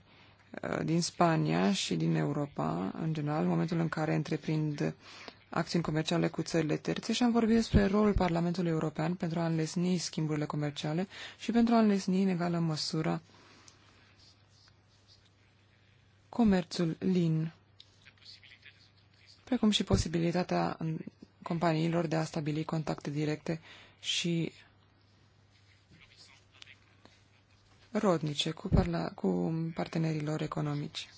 Uh, din Spania și din Europa, în general, în momentul în care întreprind acțiuni comerciale cu țările terțe și am vorbit despre rolul Parlamentului European pentru a înlesni schimburile comerciale și pentru a înlesni în egală măsură comerțul lin, precum și posibilitatea companiilor de a stabili contacte directe și rodnice cu, parla, cu partenerilor economici.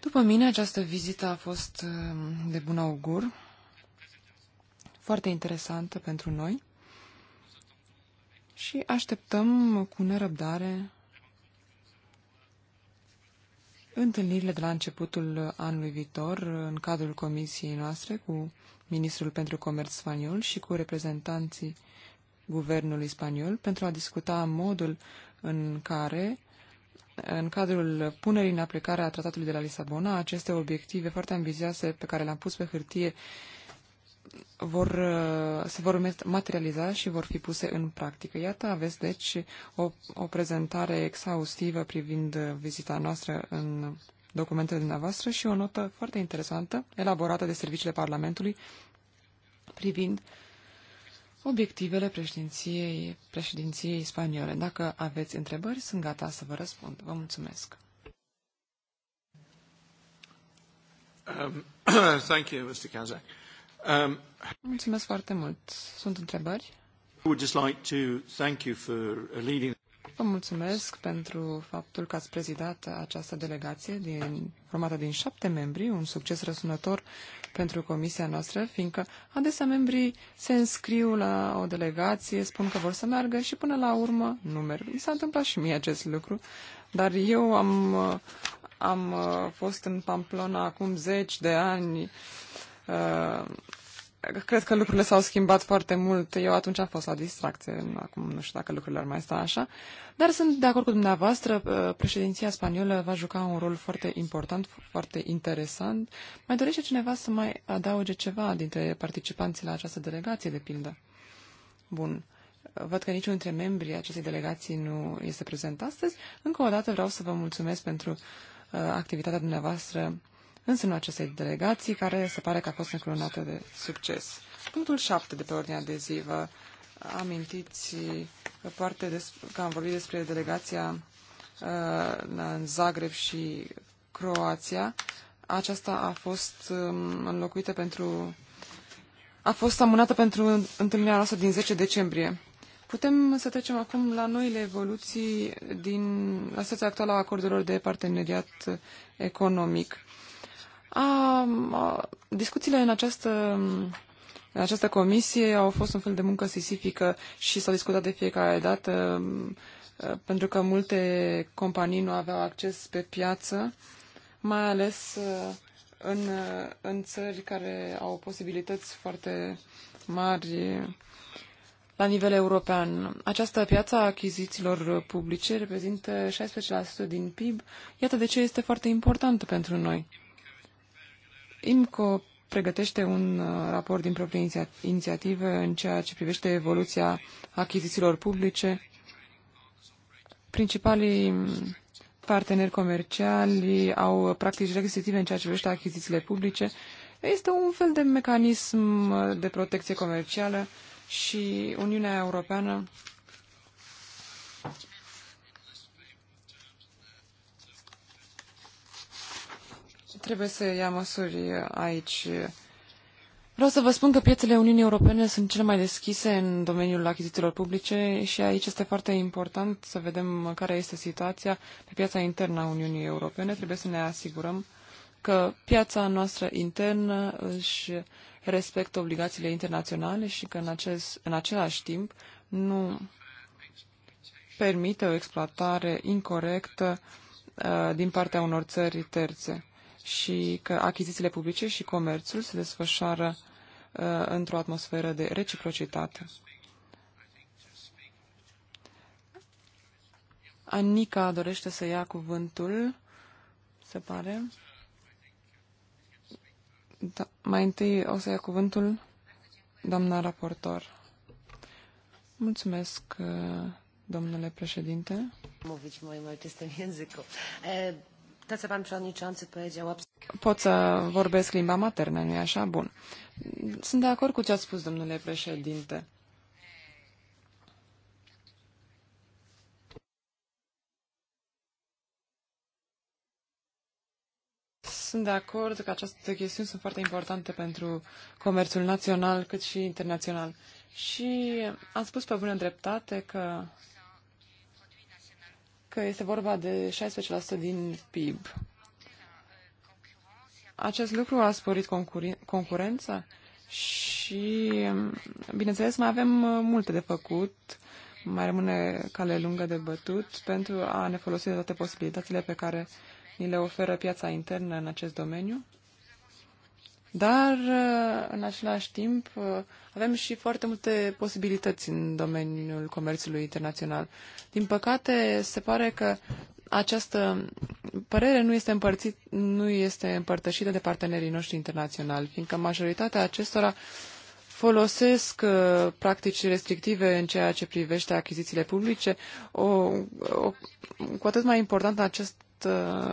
După mine, această vizită a fost um, de bun augur, foarte interesantă pentru noi și așteptăm cu nerăbdare întâlnirile de la începutul anului viitor în cadrul comisiei noastre cu Ministrul pentru Comerț Spaniol și cu reprezentanții guvernului spaniol pentru a discuta modul în care, în cadrul punerii în aplicare a tratatului de la Lisabona, aceste obiective foarte ambițioase pe care le-am pus pe hârtie vor, uh, se vor materializa și vor fi puse în practică. Iată, aveți deci o, o prezentare exhaustivă privind vizita noastră în documentele dumneavoastră și o notă foarte interesantă elaborată de serviciile Parlamentului privind obiectivele președinției, președinției spaniole. Dacă aveți întrebări, sunt gata să vă răspund. Vă mulțumesc. Um, thank you, Mr. Kazak. Um, mulțumesc foarte mult. Sunt întrebări? I would just like to thank you for leading Vă mulțumesc pentru faptul că ați prezidat această delegație din, formată din șapte membri, un succes răsunător pentru comisia noastră, fiindcă adesea membrii se înscriu la o delegație, spun că vor să meargă și până la urmă nu merg. Mi s-a întâmplat și mie acest lucru, dar eu am, am uh, fost în Pamplona acum zeci de ani, uh, cred că lucrurile s-au schimbat foarte mult. Eu atunci am fost la distracție, acum nu știu dacă lucrurile ar mai sta așa. Dar sunt de acord cu dumneavoastră, uh, președinția spaniolă va juca un rol foarte important, foarte interesant. Mai dorește cineva să mai adauge ceva dintre participanții la această delegație, de pildă? Bun. Văd că niciunul dintre membrii acestei delegații nu este prezent astăzi. Încă o dată vreau să vă mulțumesc pentru uh, activitatea dumneavoastră în sânul acestei delegații, care se pare că a fost înclunată de succes. Punctul 7 de pe ordinea de zi, vă amintiți că, uh, parte des, că am vorbit despre delegația uh, în Zagreb și Croația. Aceasta a fost uh, înlocuită pentru... a fost amânată pentru întâlnirea noastră din 10 decembrie. Putem să trecem acum la noile evoluții din la situația actuală a acordurilor de parteneriat economic. A, a, discuțiile în această în această comisie au fost un fel de muncă sisifică și s au discutat de fiecare dată pentru că multe companii nu aveau acces pe piață, mai ales în, în țări care au posibilități foarte mari la nivel european. Această piață a achizițiilor publice reprezintă 16% din PIB, iată de ce este foarte importantă pentru noi. IMCO pregătește un uh, raport din proprie inițiativă în ceea ce privește evoluția achizițiilor publice. Principalii mm, parteneri comerciali au practici restrictive în ceea ce privește achizițiile publice. Este un fel de mecanism de protecție comercială și Uniunea Europeană trebuie să ia măsuri aici. Vreau să vă spun că piețele Uniunii Europene sunt cele mai deschise în domeniul achizițiilor publice și aici este foarte important să vedem care este situația pe piața internă a Uniunii Europene. Trebuie să ne asigurăm că piața noastră internă își respectă obligațiile internaționale și că în, acest, în același timp nu permite o exploatare incorrectă uh, din partea unor țări terțe și că achizițiile publice și comerțul se desfășoară uh, într-o atmosferă de reciprocitate. Anica dorește să ia cuvântul, se pare. Da, mai întâi o să ia cuvântul doamna raportor. Mulțumesc, uh, domnule președinte. Mówić moim ojczystym języku. Pot să vorbesc limba maternă, nu-i așa? Bun. Sunt de acord cu ce a spus, domnule președinte. Sunt de acord că aceste chestiuni sunt foarte importante pentru comerțul național cât și internațional. Și am spus pe bună dreptate că că este vorba de 16% din PIB. Acest lucru a sporit concurența și, bineînțeles, mai avem uh, multe de făcut, mai rămâne cale lungă de bătut pentru a ne folosi de toate posibilitățile pe care ni le oferă piața internă în acest domeniu dar, în același timp, avem și foarte multe posibilități în domeniul comerțului internațional. Din păcate, se pare că această părere nu este, împărțit, nu este împărtășită de partenerii noștri internaționali, fiindcă majoritatea acestora folosesc uh, practici restrictive în ceea ce privește achizițiile publice, o, o, cu atât mai important în această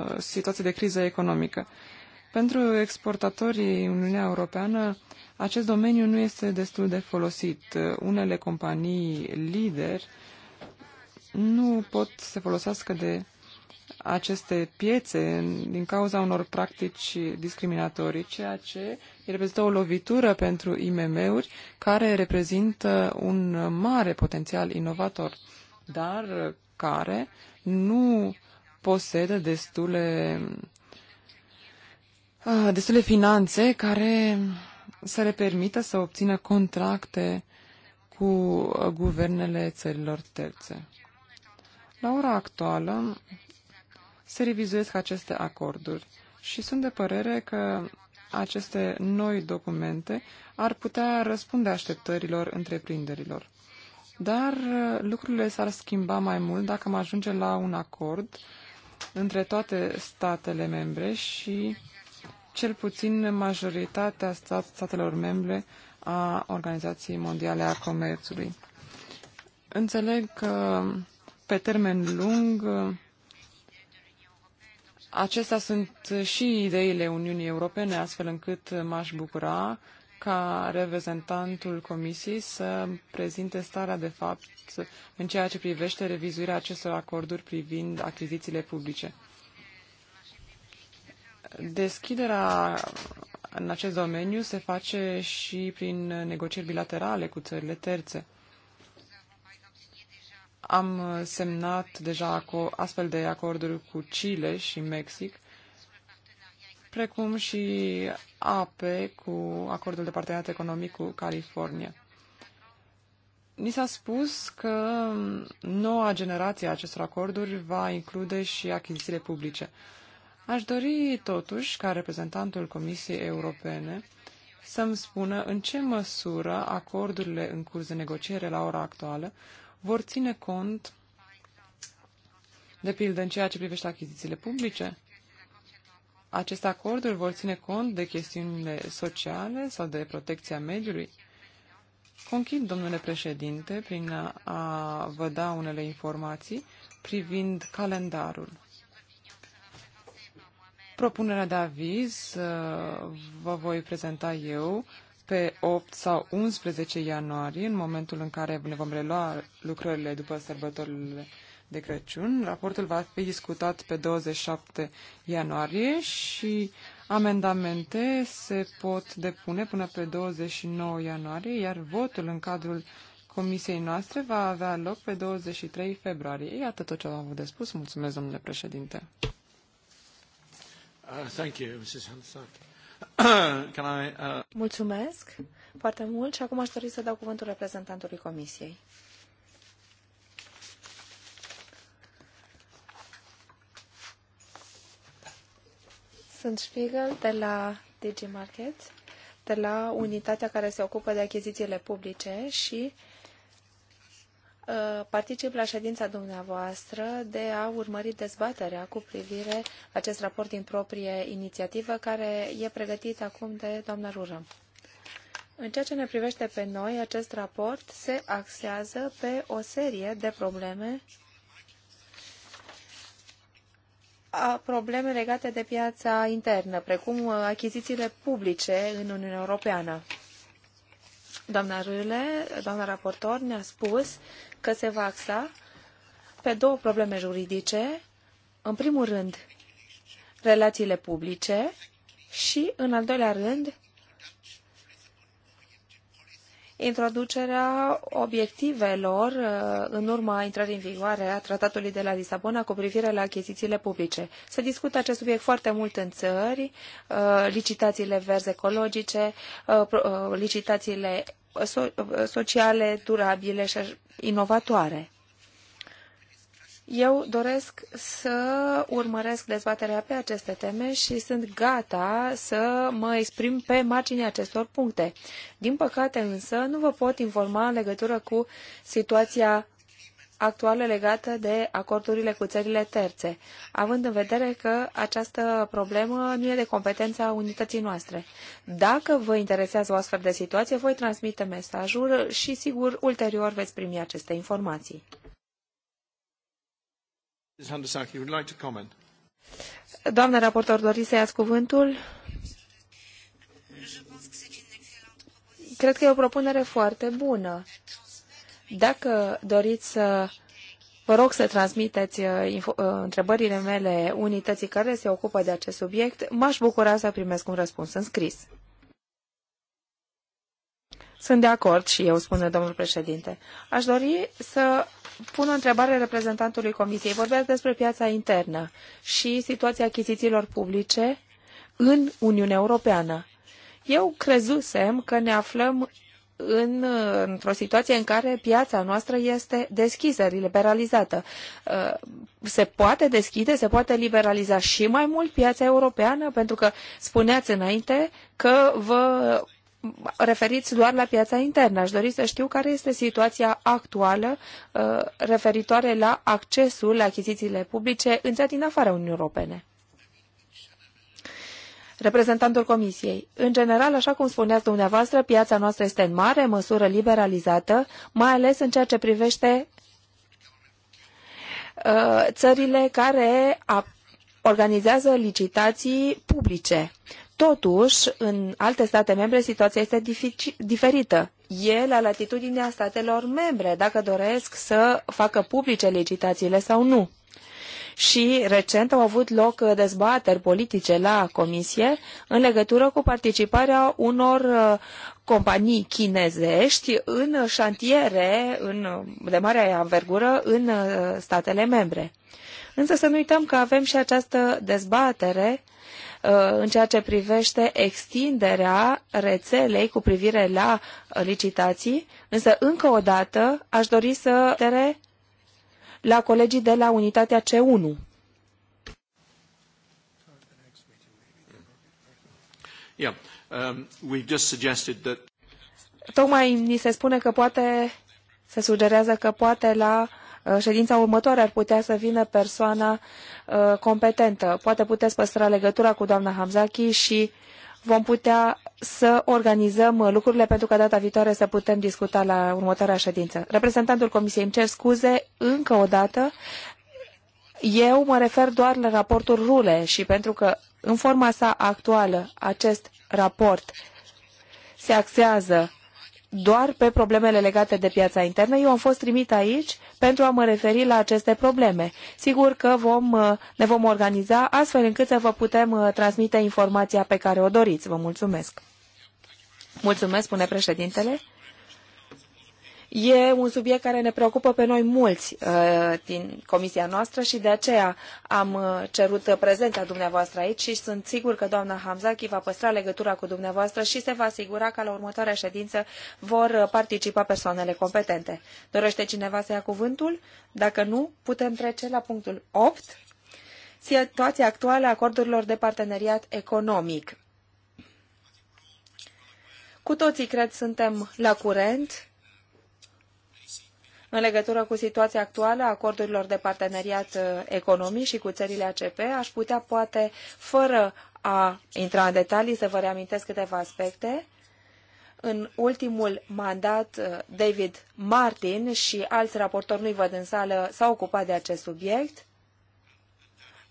uh, situație de criză economică. Uh, pentru exportatorii Uniunea Europeană, acest domeniu nu este destul de folosit. Unele companii lideri nu pot să folosească de aceste piețe din cauza unor practici discriminatorii, ceea ce reprezintă o lovitură pentru IMM-uri care reprezintă un mare potențial inovator, dar care nu posedă destule Ah, destule finanțe care să le permită să obțină contracte cu uh, guvernele țărilor terțe. La ora actuală se revizuiesc aceste acorduri și sunt de părere că aceste noi documente ar putea răspunde așteptărilor întreprinderilor. Dar uh, lucrurile s-ar schimba mai mult dacă am ajunge la un acord între toate statele membre și cel puțin majoritatea stat, statelor membre a Organizației Mondiale a Comerțului. Înțeleg că pe termen lung acestea sunt și ideile Uniunii Europene, astfel încât m-aș bucura ca reprezentantul Comisiei să prezinte starea de fapt în ceea ce privește revizuirea acestor acorduri privind achizițiile publice. Deschiderea în acest domeniu se face și prin negocieri bilaterale cu țările terțe. Am semnat deja astfel de acorduri cu Chile și Mexic, precum și APE cu acordul de parteneriat economic cu California. Ni s-a spus că noua generație a acestor acorduri va include și achizițiile publice. Aș dori totuși ca reprezentantul Comisiei Europene să-mi spună în ce măsură acordurile în curs de negociere la ora actuală vor ține cont, de pildă în ceea ce privește achizițiile publice, aceste acorduri vor ține cont de chestiunile sociale sau de protecția mediului? Conchid, domnule președinte, prin a, vă da unele informații privind calendarul. Propunerea de aviz uh, vă voi prezenta eu pe 8 sau 11 ianuarie, în momentul în care ne vom relua lucrările după sărbătorile de Crăciun. Raportul va fi discutat pe 27 ianuarie și amendamente se pot depune până pe 29 ianuarie, iar votul în cadrul comisiei noastre va avea loc pe 23 februarie. Iată tot ce am avut de spus. Mulțumesc, domnule președinte. Uh, thank you, Mrs. Can I, uh... Mulțumesc foarte mult și acum aș dori să dau cuvântul reprezentantului Comisiei. Sunt Spiegel de la DigiMarket, de la unitatea care se ocupă de achizițiile publice și uh, Uh, particip la ședința dumneavoastră de a urmări dezbaterea cu privire acest raport din proprie inițiativă care e pregătit acum de doamna Rură. În ceea ce ne privește pe noi, acest raport se axează pe o serie de probleme a probleme legate de piața internă, precum uh, achizițiile publice în Uniunea Europeană. Doamna Râle, doamna raportor, ne-a spus că se va axa pe două probleme juridice. În primul rând, relațiile publice și, în al doilea rând, introducerea obiectivelor uh, în urma intrării în vigoare a Tratatului de la Lisabona cu privire la achizițiile publice. Se discută acest subiect foarte mult în țări, uh, licitațiile verzi ecologice, uh, licitațiile sociale, durabile și inovatoare. Eu doresc să urmăresc dezbaterea pe aceste teme și sunt gata să mă exprim pe marginea acestor puncte. Din păcate însă, nu vă pot informa în legătură cu situația actuală legată de acordurile cu țările terțe, având în vedere că această problemă nu e de competența unității noastre. Dacă vă interesează o astfel de situație, voi transmite mesajul și, sigur, ulterior veți primi aceste informații. Doamna raportor, doriți să iați cuvântul? Cred că e o propunere foarte bună dacă doriți să vă rog să transmiteți uh, uh, întrebările mele unității care se ocupă de acest subiect, m-aș bucura să primesc un răspuns în scris. Sunt de acord și eu, spune domnul președinte. Aș dori să pun o întrebare reprezentantului Comisiei. Vorbeați despre piața internă și situația achizițiilor publice în Uniunea Europeană. Eu crezusem că ne aflăm în, într-o situație în care piața noastră este deschisă, liberalizată. Uh, se poate deschide, se poate liberaliza și mai mult piața europeană, pentru că spuneați înainte că vă referiți doar la piața internă. Aș dori să știu care este situația actuală uh, referitoare la accesul la achizițiile publice în țări din afara Uniunii Europene reprezentantul Comisiei. În general, așa cum spuneați dumneavoastră, piața noastră este în mare măsură liberalizată, mai ales în ceea ce privește uh, țările care organizează licitații publice. Totuși, în alte state membre, situația este diferită. E la latitudinea statelor membre dacă doresc să facă publice licitațiile sau nu și recent au avut loc uh, dezbateri politice la Comisie în legătură cu participarea unor uh, companii chinezești în șantiere în, uh, de mare anvergură în statele membre. Însă să nu uităm că avem și această dezbatere în ceea ce privește extinderea rețelei cu privire la licitații, însă încă o dată aș dori să la colegii de la unitatea C1. Yeah. Um, we've just suggested that... Tocmai ni se spune că poate, se sugerează că poate la uh, ședința următoare ar putea să vină persoana uh, competentă. Poate puteți păstra legătura cu doamna Hamzaki și vom putea să organizăm lucrurile pentru ca data viitoare să putem discuta la următoarea ședință. Reprezentantul Comisiei îmi cer scuze încă o dată. Eu mă refer doar la raportul Rule și pentru că în forma sa actuală acest raport se axează doar pe problemele legate de piața internă. Eu am fost trimit aici pentru a mă referi la aceste probleme. Sigur că vom, uh, ne vom organiza astfel încât să vă putem uh, transmite informația pe care o doriți. Vă mulțumesc. Mulțumesc, spune președintele. E un subiect care ne preocupă pe noi mulți uh, din comisia noastră și de aceea am uh, cerut prezența dumneavoastră aici și sunt sigur că doamna Hamzaki va păstra legătura cu dumneavoastră și se va asigura că la următoarea ședință vor uh, participa persoanele competente. Dorește cineva să ia cuvântul? Dacă nu, putem trece la punctul 8. Situația actuală a acordurilor de parteneriat economic. Cu toții, cred, suntem la curent în legătură cu situația actuală a acordurilor de parteneriat uh, economic și cu țările ACP, aș putea poate, fără a intra în detalii, să vă reamintesc câteva aspecte în ultimul mandat uh, David Martin și alți raportori, nu-i văd în sală, s-au ocupat de acest subiect.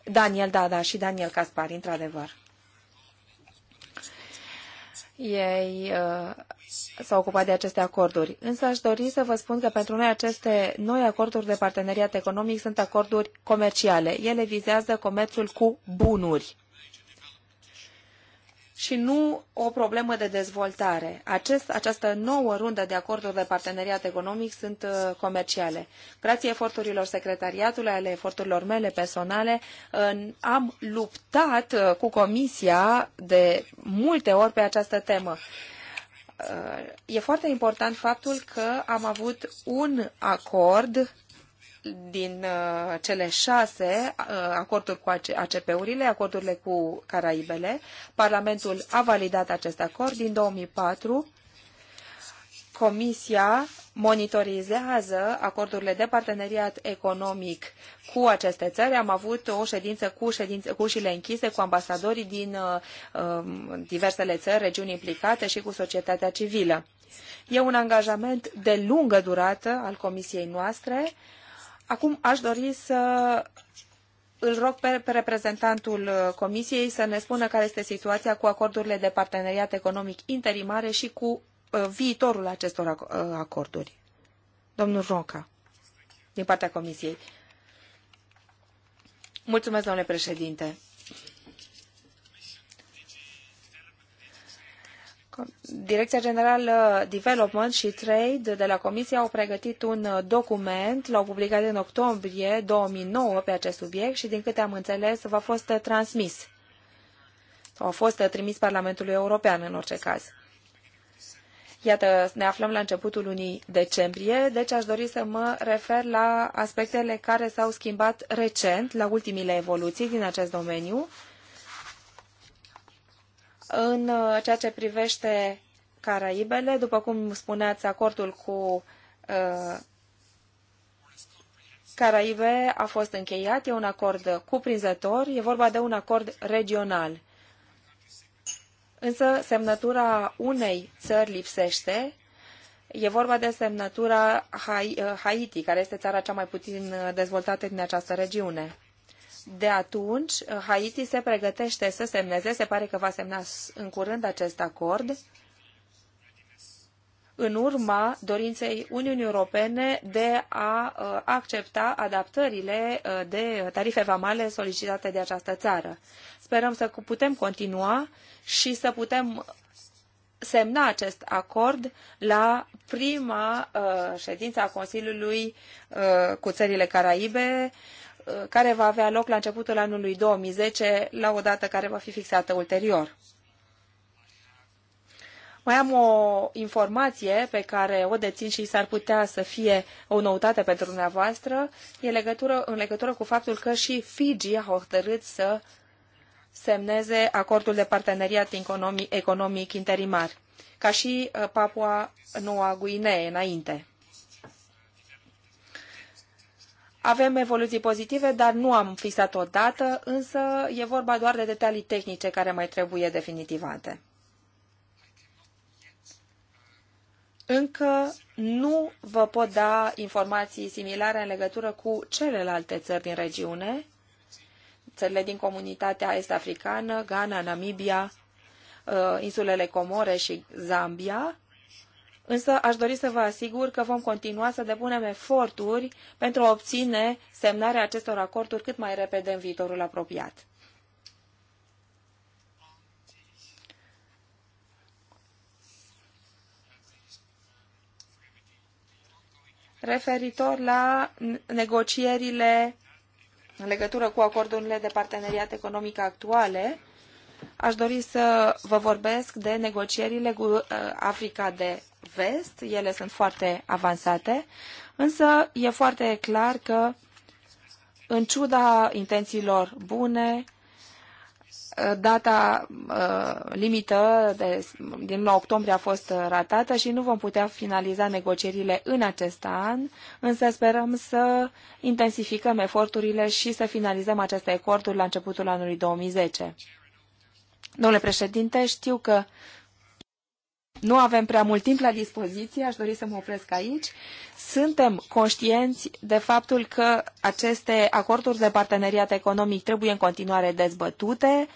Daniel Dada da, și Daniel Caspar, într-adevăr ei uh, s-au ocupat de aceste acorduri. Însă aș dori să vă spun că pentru noi aceste noi acorduri de parteneriat economic sunt acorduri comerciale. Ele vizează comerțul cu bunuri și nu o problemă de dezvoltare. Acest, această nouă rundă de acorduri de parteneriat economic sunt uh, comerciale. Grație eforturilor secretariatului, ale eforturilor mele personale, am luptat uh, cu Comisia de multe ori pe această temă uh, e foarte important faptul că am avut un acord din uh, cele șase uh, acorduri cu ACP-urile, acordurile cu Caraibele. Parlamentul a validat acest acord din 2004. Comisia monitorizează acordurile de parteneriat economic cu aceste țări. Am avut o ședință cu, ședință, cu ușile închise, cu ambasadorii din uh, um, diversele țări, regiuni implicate și cu societatea civilă. E un angajament de lungă durată al Comisiei noastre uh, Acum aș dori să îl rog pe reprezentantul uh, Comisiei să ne spună care este situația cu acordurile de parteneriat economic interimare și cu uh, viitorul acestor uh, acorduri. Domnul Ronca, din partea Comisiei. Mulțumesc, domnule președinte. Direcția Generală Development și Trade de la Comisie au pregătit un uh, document, l-au publicat în octombrie 2009 pe acest subiect și, din câte am înțeles, v-a fost uh, transmis. Sau a fost uh, trimis Parlamentului European, în orice caz. Iată, ne aflăm la începutul lunii decembrie, deci aș dori să mă refer la aspectele care s-au schimbat recent, la ultimile evoluții din acest domeniu în uh, ceea ce privește Caraibele, după cum spuneați, acordul cu uh, Caraibe a fost încheiat, e un acord cuprinzător, e vorba de un acord regional. Însă semnătura unei țări lipsește, e vorba de semnătura uh, Haiti, care este țara cea mai puțin uh, dezvoltată din această regiune. De atunci, Haiti se pregătește să semneze, se pare că va semna în curând acest acord, în urma dorinței Uniunii Europene de a uh, accepta adaptările uh, de tarife vamale solicitate de această țară. Sperăm să putem continua și să putem semna acest acord la prima uh, ședință a Consiliului cu țările Caraibe Uh, care va avea loc la începutul anului 2010, la o dată care va fi fixată ulterior. Mai am o informație pe care o dețin și s-ar putea să fie o noutate pentru dumneavoastră. E legătură, în legătură cu faptul că și Fiji a hotărât să semneze acordul de parteneriat economic, economic interimar, ca și uh, Papua Noua Guinee înainte. Avem evoluții pozitive, dar nu am fixat o dată, însă e vorba doar de detalii tehnice care mai trebuie definitivate. Încă nu vă pot da informații similare în legătură cu celelalte țări din regiune, țările din comunitatea est-africană, Ghana, Namibia, uh, insulele Comore și Zambia, Însă aș dori să vă asigur că vom continua să depunem eforturi pentru a obține semnarea acestor acorduri cât mai repede în viitorul apropiat. referitor la negocierile în legătură cu acordurile de parteneriat economic actuale, aș dori să vă vorbesc de negocierile cu uh, Africa de Vest. Ele sunt foarte avansate, însă e foarte clar că, în ciuda intențiilor bune, uh, data uh, limită de, din 9 octombrie a fost ratată și nu vom putea finaliza negocierile în acest an, însă sperăm să intensificăm eforturile și să finalizăm aceste acorduri la începutul anului 2010. Domnule președinte, știu că nu avem prea mult timp la dispoziție, aș dori să mă opresc aici. Suntem conștienți de faptul că aceste acorduri de parteneriat economic trebuie în continuare dezbătute,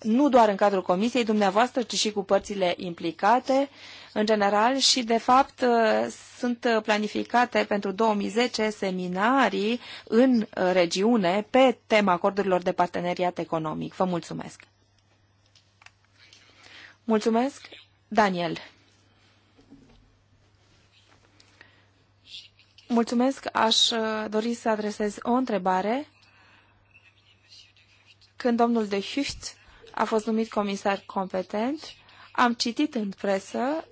nu doar în cadrul comisiei dumneavoastră, ci și cu părțile implicate în general și, de fapt, uh, sunt planificate pentru 2010 seminarii în uh, regiune pe tema acordurilor de parteneriat economic. Vă mulțumesc! Mulțumesc, Daniel. Mulțumesc, aș uh, dori să adresez o întrebare. Când domnul de Hucht a fost numit comisar competent, am citit în presă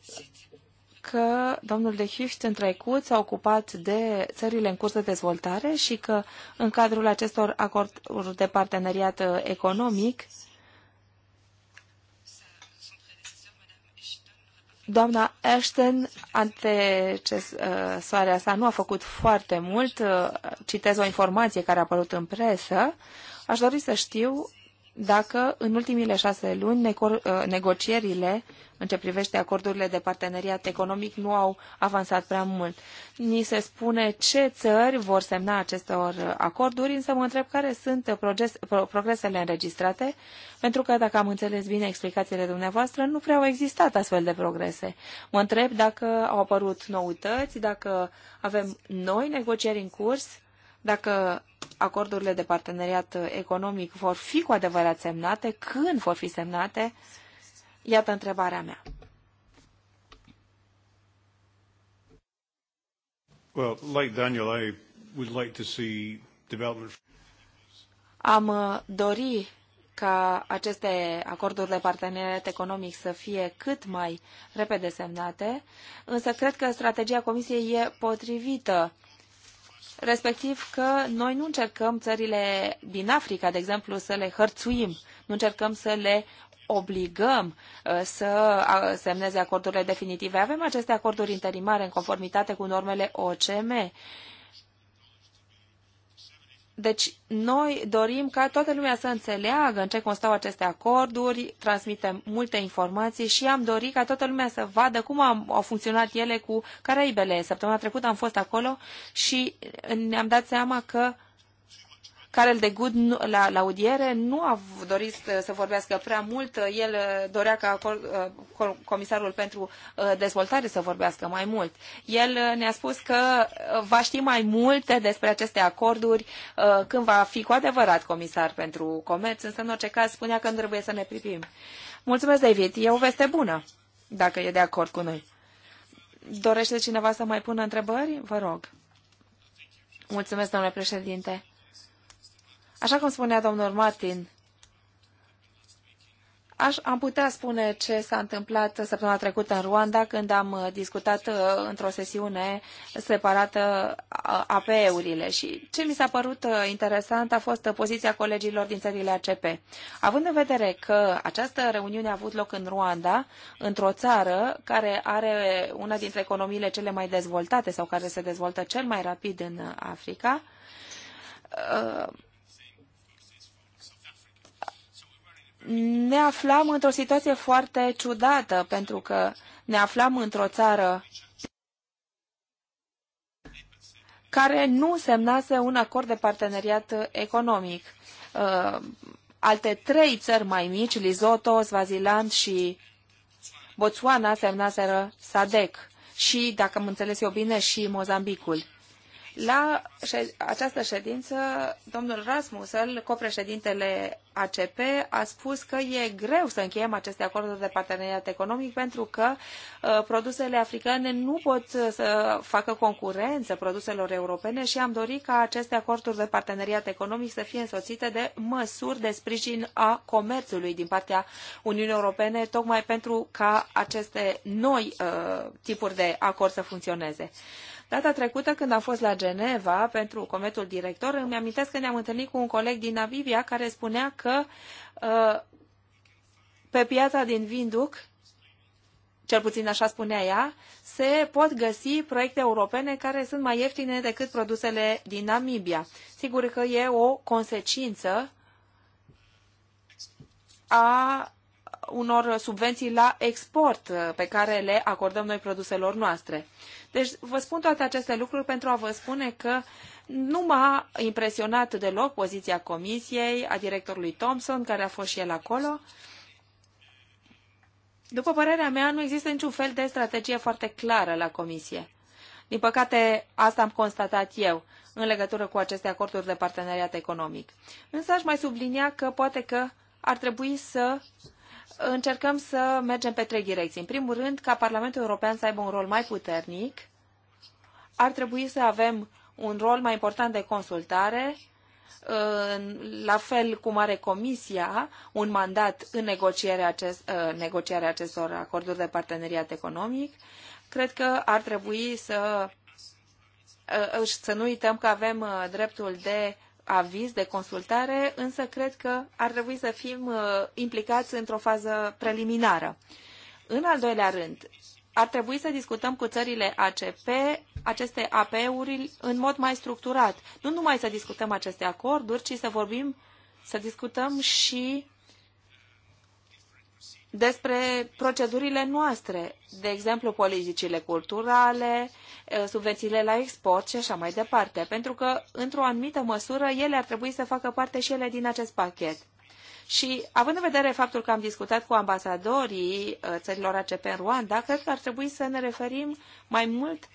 că domnul de Hucht în trecut s-a ocupat de țările în curs de dezvoltare și că în cadrul acestor acorduri de parteneriat uh, economic Doamna Ashton, antecesoarea sa, nu a făcut foarte mult. Citez o informație care a apărut în presă. Aș dori să știu dacă în ultimile șase luni uh, negocierile în ce privește acordurile de parteneriat economic nu au avansat prea mult. Ni se spune ce țări vor semna acestor acorduri, însă mă întreb care sunt progresele înregistrate, pentru că, dacă am înțeles bine explicațiile dumneavoastră, nu prea au existat astfel de progrese. Mă întreb dacă au apărut noutăți, dacă avem noi negocieri în curs, dacă acordurile de parteneriat economic vor fi cu adevărat semnate, când vor fi semnate, iată întrebarea mea. Well, like Daniel, I would like to see development. Am uh, dori ca aceste acorduri de parteneriat economic să fie cât mai repede semnate, însă cred că strategia Comisiei e potrivită respectiv că noi nu încercăm țările din Africa, de exemplu, să le hărțuim, nu încercăm să le obligăm uh, să semneze acordurile definitive. Avem aceste acorduri interimare în conformitate cu normele OCM deci, noi dorim ca toată lumea să înțeleagă în ce constau aceste acorduri, transmitem multe informații și am dorit ca toată lumea să vadă cum am, au funcționat ele cu Caraibele. Săptămâna trecută am fost acolo și ne-am dat seama că uh, Carel de Gud la, la audiere nu a dorit să vorbească prea mult. El uh, dorea ca uh, comisarul pentru uh, dezvoltare să vorbească mai mult. El ne-a spus că va ști mai multe despre aceste acorduri când va fi cu adevărat comisar pentru comerț, însă în orice caz spunea că nu trebuie să ne privim. Mulțumesc, David. E o veste bună, dacă e de acord cu noi. Dorește cineva să mai pună întrebări? Vă rog. Mulțumesc, domnule președinte. Așa cum spunea domnul Martin, aș, am putea spune ce s-a întâmplat săptămâna trecută în Ruanda când am uh, discutat uh, într-o sesiune separată APE-urile și ce mi s-a părut uh, interesant a fost poziția colegilor din țările ACP. Având în vedere că această reuniune a avut loc în Ruanda, într-o țară care are una dintre economiile cele mai dezvoltate sau care se dezvoltă cel mai rapid în Africa, uh, ne aflam într-o situație foarte ciudată, pentru că ne aflam într-o țară care nu semnase un acord de parteneriat economic. Uh, alte trei țări mai mici, Lizoto, Swaziland și Botswana, semnaseră SADEC și, dacă am înțeles eu bine, și Mozambicul. La această ședință, domnul Rasmussen, copreședintele ACP, a spus că e greu să încheiem aceste acorduri de parteneriat economic pentru că uh, produsele africane nu pot să facă concurență produselor europene și am dorit ca aceste acorduri de parteneriat economic să fie însoțite de măsuri de sprijin a comerțului din partea Uniunii Europene, tocmai pentru ca aceste noi uh, tipuri de acord să funcționeze. Data trecută, când am fost la Geneva pentru cometul director, îmi amintesc că ne-am întâlnit cu un coleg din Namibia care spunea că uh, pe piața din Vinduc, cel puțin așa spunea ea, se pot găsi proiecte europene care sunt mai ieftine decât produsele din Namibia. Sigur că e o consecință a unor subvenții la export uh, pe care le acordăm noi produselor noastre. Deci vă spun toate aceste lucruri pentru a vă spune că nu m-a impresionat deloc poziția comisiei, a directorului Thompson, care a fost și el acolo. După părerea mea, nu există niciun fel de strategie foarte clară la comisie. Din păcate, asta am constatat eu în legătură cu aceste acorduri de parteneriat economic. Însă aș mai sublinia că poate că ar trebui să încercăm să mergem pe trei direcții. În primul rând, ca Parlamentul European să aibă un rol mai puternic, ar trebui să avem un rol mai important de consultare, la fel cum are Comisia un mandat în negocierea, acest, ă, negocierea acestor acorduri de parteneriat economic, cred că ar trebui să, ă, să nu uităm că avem ă, dreptul de aviz de consultare, însă cred că ar trebui să fim uh, implicați într-o fază preliminară. În al doilea rând, ar trebui să discutăm cu țările ACP aceste AP-uri în mod mai structurat. Nu numai să discutăm aceste acorduri, ci să vorbim, să discutăm și despre procedurile noastre, de exemplu politicile culturale, subvențiile la export și așa mai departe, pentru că, într-o anumită măsură, ele ar trebui să facă parte și ele din acest pachet. Și având în vedere faptul că am discutat cu ambasadorii țărilor ACP în Rwanda, cred că ar trebui să ne referim mai mult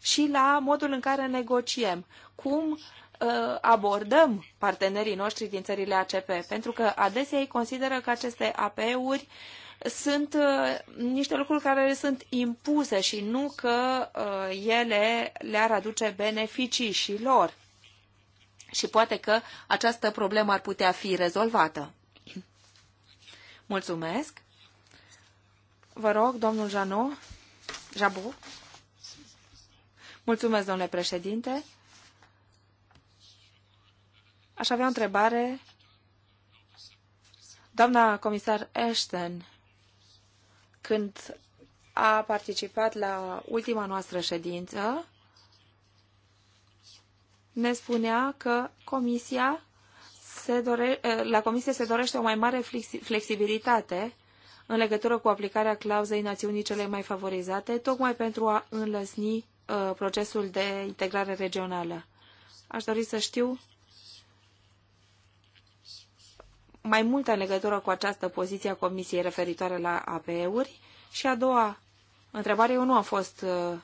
și la modul în care negociem. Cum uh, Uh, abordăm partenerii noștri din țările ACP, pentru că adesea ei consideră că aceste ape uri sunt uh, niște lucruri care sunt impuse și nu că uh, ele le-ar aduce beneficii și lor. Și poate că această problemă ar putea fi rezolvată. Mulțumesc. Vă rog, domnul Jano, Jabu. Mulțumesc, domnule președinte. Aș avea o întrebare. Doamna comisar Ashton, când a participat la ultima noastră ședință, ne spunea că comisia se dore, eh, la comisie se dorește o mai mare flexibilitate în legătură cu aplicarea clauzei națiunii cele mai favorizate, tocmai pentru a înlăsni eh, procesul de integrare regională. Aș dori să știu mai multe în legătură cu această poziție a Comisiei referitoare la APE-uri? Și a doua întrebare, eu nu am fost uh,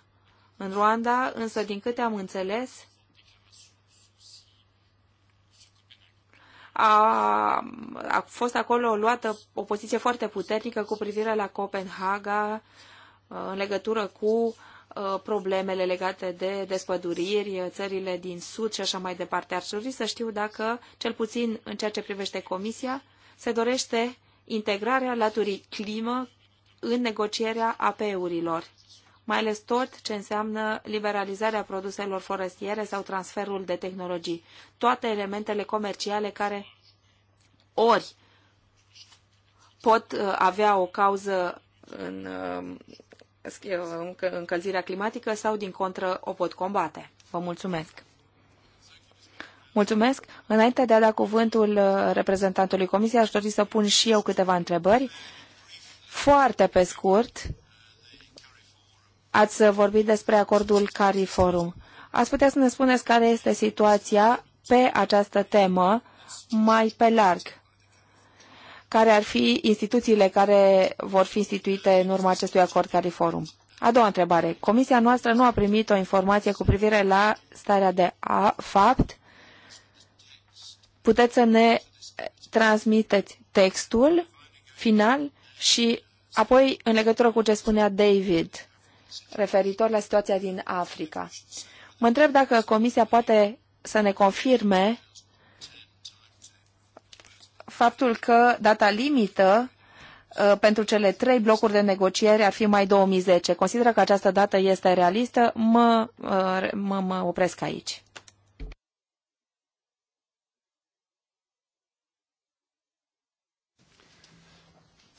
în Rwanda, însă din câte am înțeles, a, a fost acolo luată o poziție foarte puternică cu privire la Copenhaga uh, în legătură cu Uh, problemele legate de despăduriri, uh, țările din sud și așa mai departe. Ar trebui să știu dacă, cel puțin în ceea ce privește Comisia, se dorește integrarea laturii climă în negocierea ape urilor mai ales tot ce înseamnă liberalizarea produselor forestiere sau transferul de tehnologii, toate elementele comerciale care ori pot uh, avea o cauză în încălzirea climatică sau, din contră, o pot combate. Vă mulțumesc! Mulțumesc! Înainte de a da cuvântul uh, reprezentantului Comisiei, aș dori să pun și eu câteva întrebări. Foarte pe scurt, ați vorbit despre acordul CARIFORUM. Ați putea să ne spuneți care este situația pe această temă mai pe larg? care ar fi instituțiile care vor fi instituite în urma acestui acord CARIFORUM. A doua întrebare. Comisia noastră nu a primit o informație cu privire la starea de a, fapt. Puteți să ne transmiteți textul final și apoi în legătură cu ce spunea David referitor la situația din Africa. Mă întreb dacă Comisia poate să ne confirme faptul că data limită uh, pentru cele trei blocuri de negociere ar fi mai 2010. Consideră că această dată este realistă. Mă, uh, mă, mă opresc aici.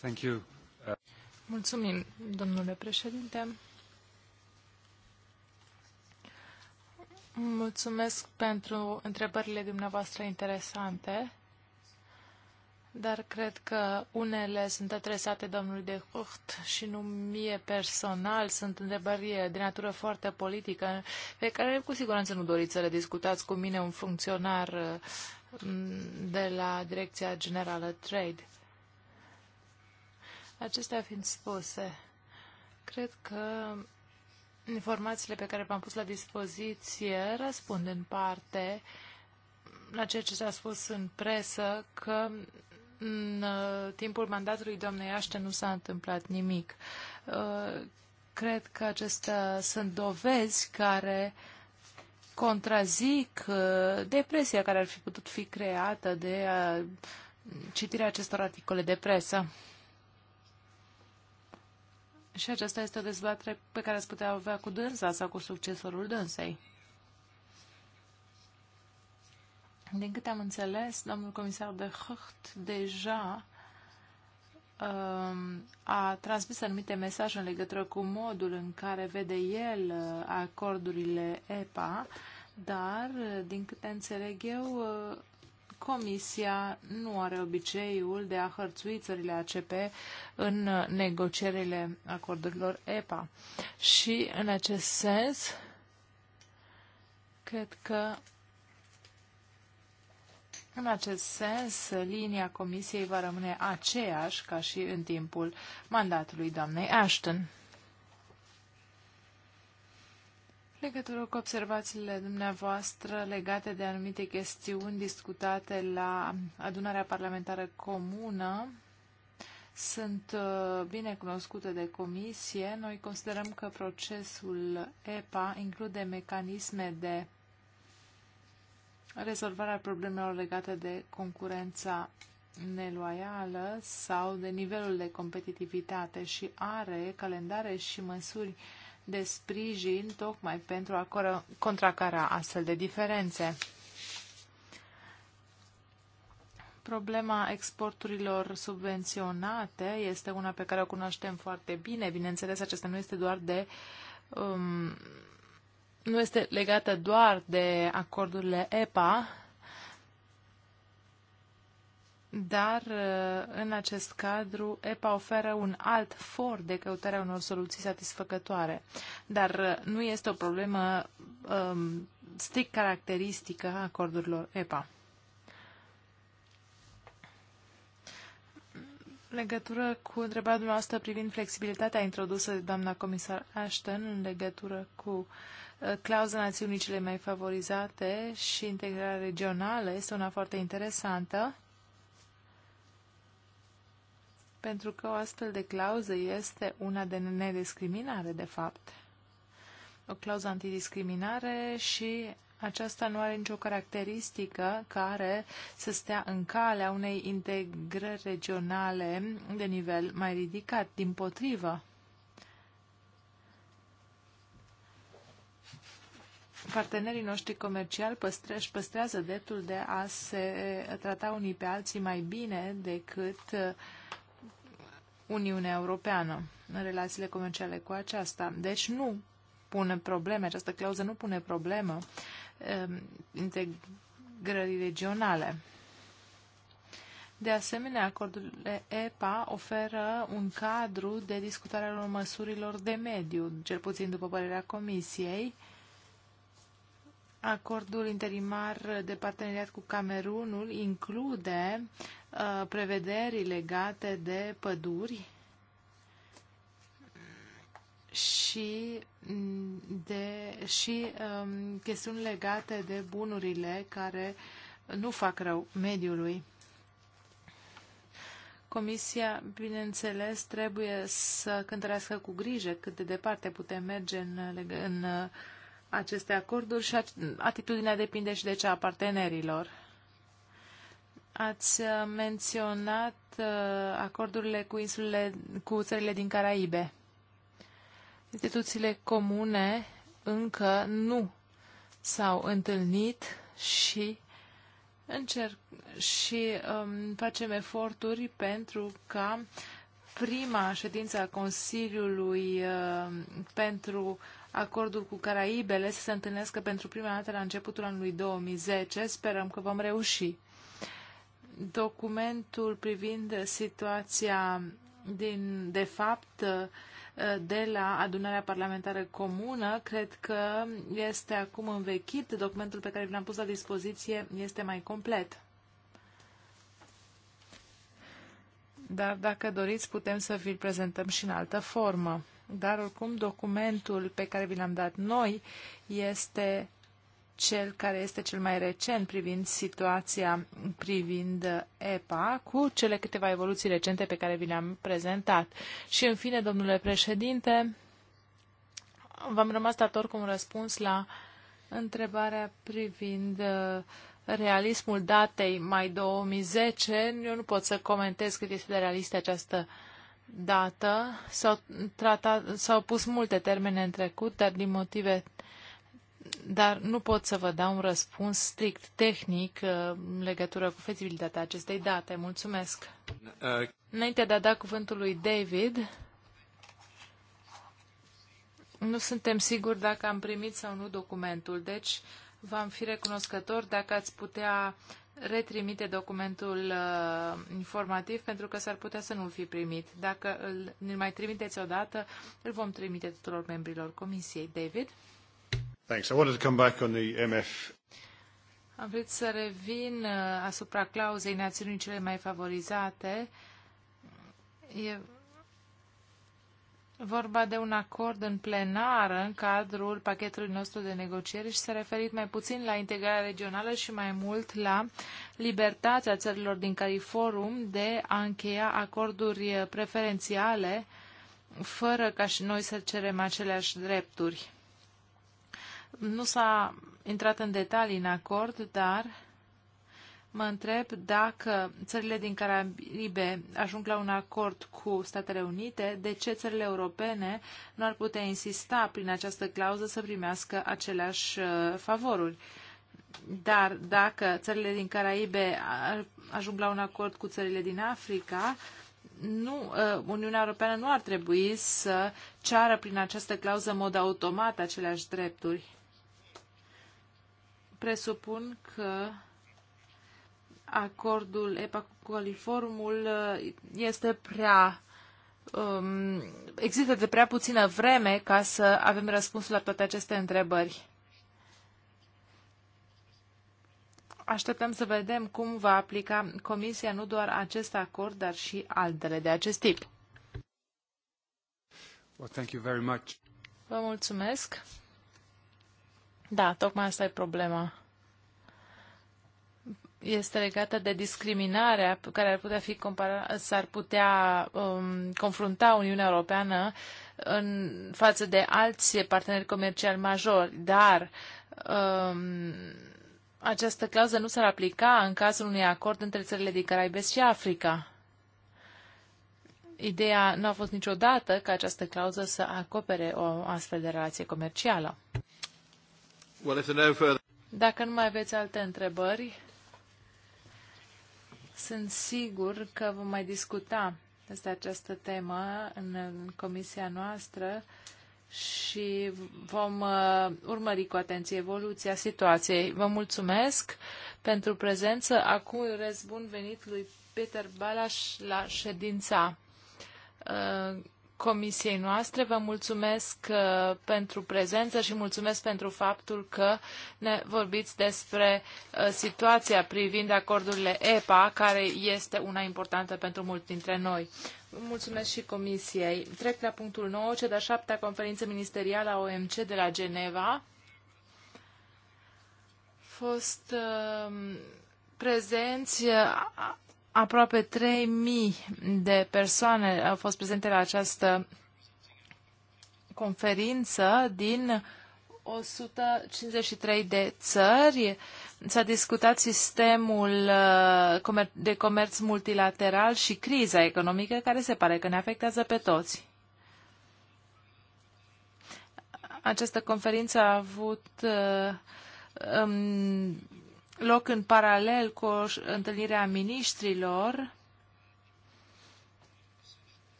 Thank you. Mulțumim, domnule președinte. Mulțumesc pentru întrebările dumneavoastră interesante dar cred că unele sunt adresate domnului de Hucht și nu mie personal. Sunt întrebări de natură foarte politică, pe care cu siguranță nu doriți să le discutați cu mine, un funcționar mm, de la Direcția Generală Trade. Acestea fiind spuse, cred că informațiile pe care v-am pus la dispoziție răspund în parte la ceea ce s-a spus în presă, că în uh, timpul mandatului doamnei Aște nu s-a întâmplat nimic. Uh, cred că acestea sunt dovezi care contrazic uh, depresia care ar fi putut fi creată de citirea acestor articole de presă. Și aceasta este o dezbatere pe care ați putea avea cu dânsa sau cu succesorul dânsei. Din câte am înțeles, domnul comisar de Hăcht deja um, a transmis anumite mesaje în legătură cu modul în care vede el uh, acordurile EPA, dar, uh, din câte înțeleg eu, uh, Comisia nu are obiceiul de a hărțui țările ACP în negocierile acordurilor EPA. Și, în acest sens, cred că în acest sens, linia Comisiei va rămâne aceeași ca și în timpul mandatului doamnei Ashton. Legătură cu observațiile dumneavoastră legate de anumite chestiuni discutate la adunarea parlamentară comună, sunt uh, bine cunoscute de comisie. Noi considerăm că procesul EPA include mecanisme de rezolvarea problemelor legate de concurența neloială sau de nivelul de competitivitate și are calendare și măsuri de sprijin tocmai pentru a contracara astfel de diferențe. Problema exporturilor subvenționate este una pe care o cunoaștem foarte bine. Bineînțeles, acesta nu este doar de um, nu este legată doar de acordurile EPA, dar uh, în acest cadru EPA oferă un alt for de căutarea unor soluții satisfăcătoare. Dar uh, nu este o problemă um, strict caracteristică a acordurilor EPA. legătură cu întrebarea dumneavoastră privind flexibilitatea introdusă de doamna comisar Ashton în legătură cu uh, clauza națiunii cele mai favorizate și integrarea regională este una foarte interesantă pentru că o astfel de clauză este una de nediscriminare, de fapt. O clauză antidiscriminare și aceasta nu are nicio caracteristică care să stea în calea unei integrări regionale de nivel mai ridicat. Din potrivă, partenerii noștri comerciali păstrează, păstrează dreptul de a se trata unii pe alții mai bine decât Uniunea Europeană în relațiile comerciale cu aceasta. Deci nu pune probleme, această clauză nu pune problemă uh, Um, integrării regionale. De asemenea, acordurile EPA oferă un cadru de discutare al măsurilor de mediu, cel puțin după părerea Comisiei. Acordul interimar de parteneriat cu Camerunul include uh, prevederi legate de păduri și de și um, chestiuni legate de bunurile care nu fac rău mediului. Comisia, bineînțeles, trebuie să cântărească cu grijă cât de departe putem merge în, în uh, aceste acorduri și atitudinea depinde și de cea a partenerilor. Ați uh, menționat uh, acordurile cu insulele, cu țările din Caraibe. Instituțiile comune încă nu s-au întâlnit și încerc și um, facem eforturi pentru ca prima ședință a Consiliului uh, pentru acordul cu Caraibele să se întâlnească pentru prima dată la începutul anului 2010. Sperăm că vom reuși. Documentul privind situația din, de fapt, uh, de la adunarea parlamentară comună. Cred că este acum învechit. Documentul pe care vi l-am pus la dispoziție este mai complet. Dar dacă doriți, putem să vi-l prezentăm și în altă formă. Dar oricum, documentul pe care vi l-am dat noi este cel care este cel mai recent privind situația privind EPA, cu cele câteva evoluții recente pe care vi le-am prezentat. Și în fine, domnule președinte, v-am rămas dator cu un răspuns la întrebarea privind uh, realismul datei mai 2010, eu nu pot să comentez cât este de realistă această dată. S-au, tratat, s-au pus multe termene în trecut, dar din motive dar nu pot să vă dau un răspuns strict tehnic uh, în legătură cu fezibilitatea acestei date. Mulțumesc! Uh, Înainte de a da cuvântul lui David, nu suntem siguri dacă am primit sau nu documentul, deci v-am fi recunoscător dacă ați putea retrimite documentul uh, informativ pentru că s-ar putea să nu-l fi primit. Dacă îl, îl mai trimiteți odată, îl vom trimite tuturor membrilor comisiei. David? Thanks. I wanted to come back on the MF. Am vrut să revin uh, asupra clauzei națiunii cele mai favorizate. E vorba de un acord în plenară în cadrul pachetului nostru de negocieri și s-a referit mai puțin la integrarea regională și mai mult la libertatea țărilor din Cariforum de a încheia acorduri preferențiale fără ca și noi să cerem aceleași drepturi. Nu s-a intrat în detalii în acord, dar mă întreb dacă țările din Caraibe ajung la un acord cu Statele Unite, de ce țările europene nu ar putea insista prin această clauză să primească aceleași uh, favoruri. Dar dacă țările din Caraibe ajung la un acord cu țările din Africa, nu, uh, Uniunea Europeană nu ar trebui să ceară prin această clauză în mod automat aceleași drepturi presupun că acordul EPA cu coliformul uh, este prea um, există de prea puțină vreme ca să avem răspunsul la toate aceste întrebări. Așteptăm să vedem cum va aplica Comisia nu doar acest acord, dar și altele de acest tip. Well, thank you very much. Vă mulțumesc. Da, tocmai asta e problema. Este legată de discriminarea care ar putea fi compara- s-ar putea um, confrunta Uniunea Europeană în față de alți parteneri comerciali majori, dar um, această clauză nu s-ar aplica în cazul unui acord între țările din Caraibes și Africa. Ideea nu a fost niciodată ca această clauză să acopere o astfel de relație comercială. Dacă nu mai aveți alte întrebări, sunt sigur că vom mai discuta despre această temă în comisia noastră și vom uh, urmări cu atenție evoluția situației. Vă mulțumesc pentru prezență. Acum urez bun venit lui Peter Balas la ședința uh, comisiei noastre. Vă mulțumesc uh, pentru prezență și mulțumesc pentru faptul că ne vorbiți despre uh, situația privind acordurile EPA, care este una importantă pentru mulți dintre noi. Mulțumesc și comisiei. Trec la punctul 9, cea de-a șaptea conferință ministerială a OMC de la Geneva. Fost uh, prezenți uh, aproape 3.000 de persoane au fost prezente la această conferință din 153 de țări. S-a discutat sistemul uh, de comerț multilateral și criza economică care se pare că ne afectează pe toți. Această conferință a avut uh, um, loc în paralel cu o întâlnire a miniștrilor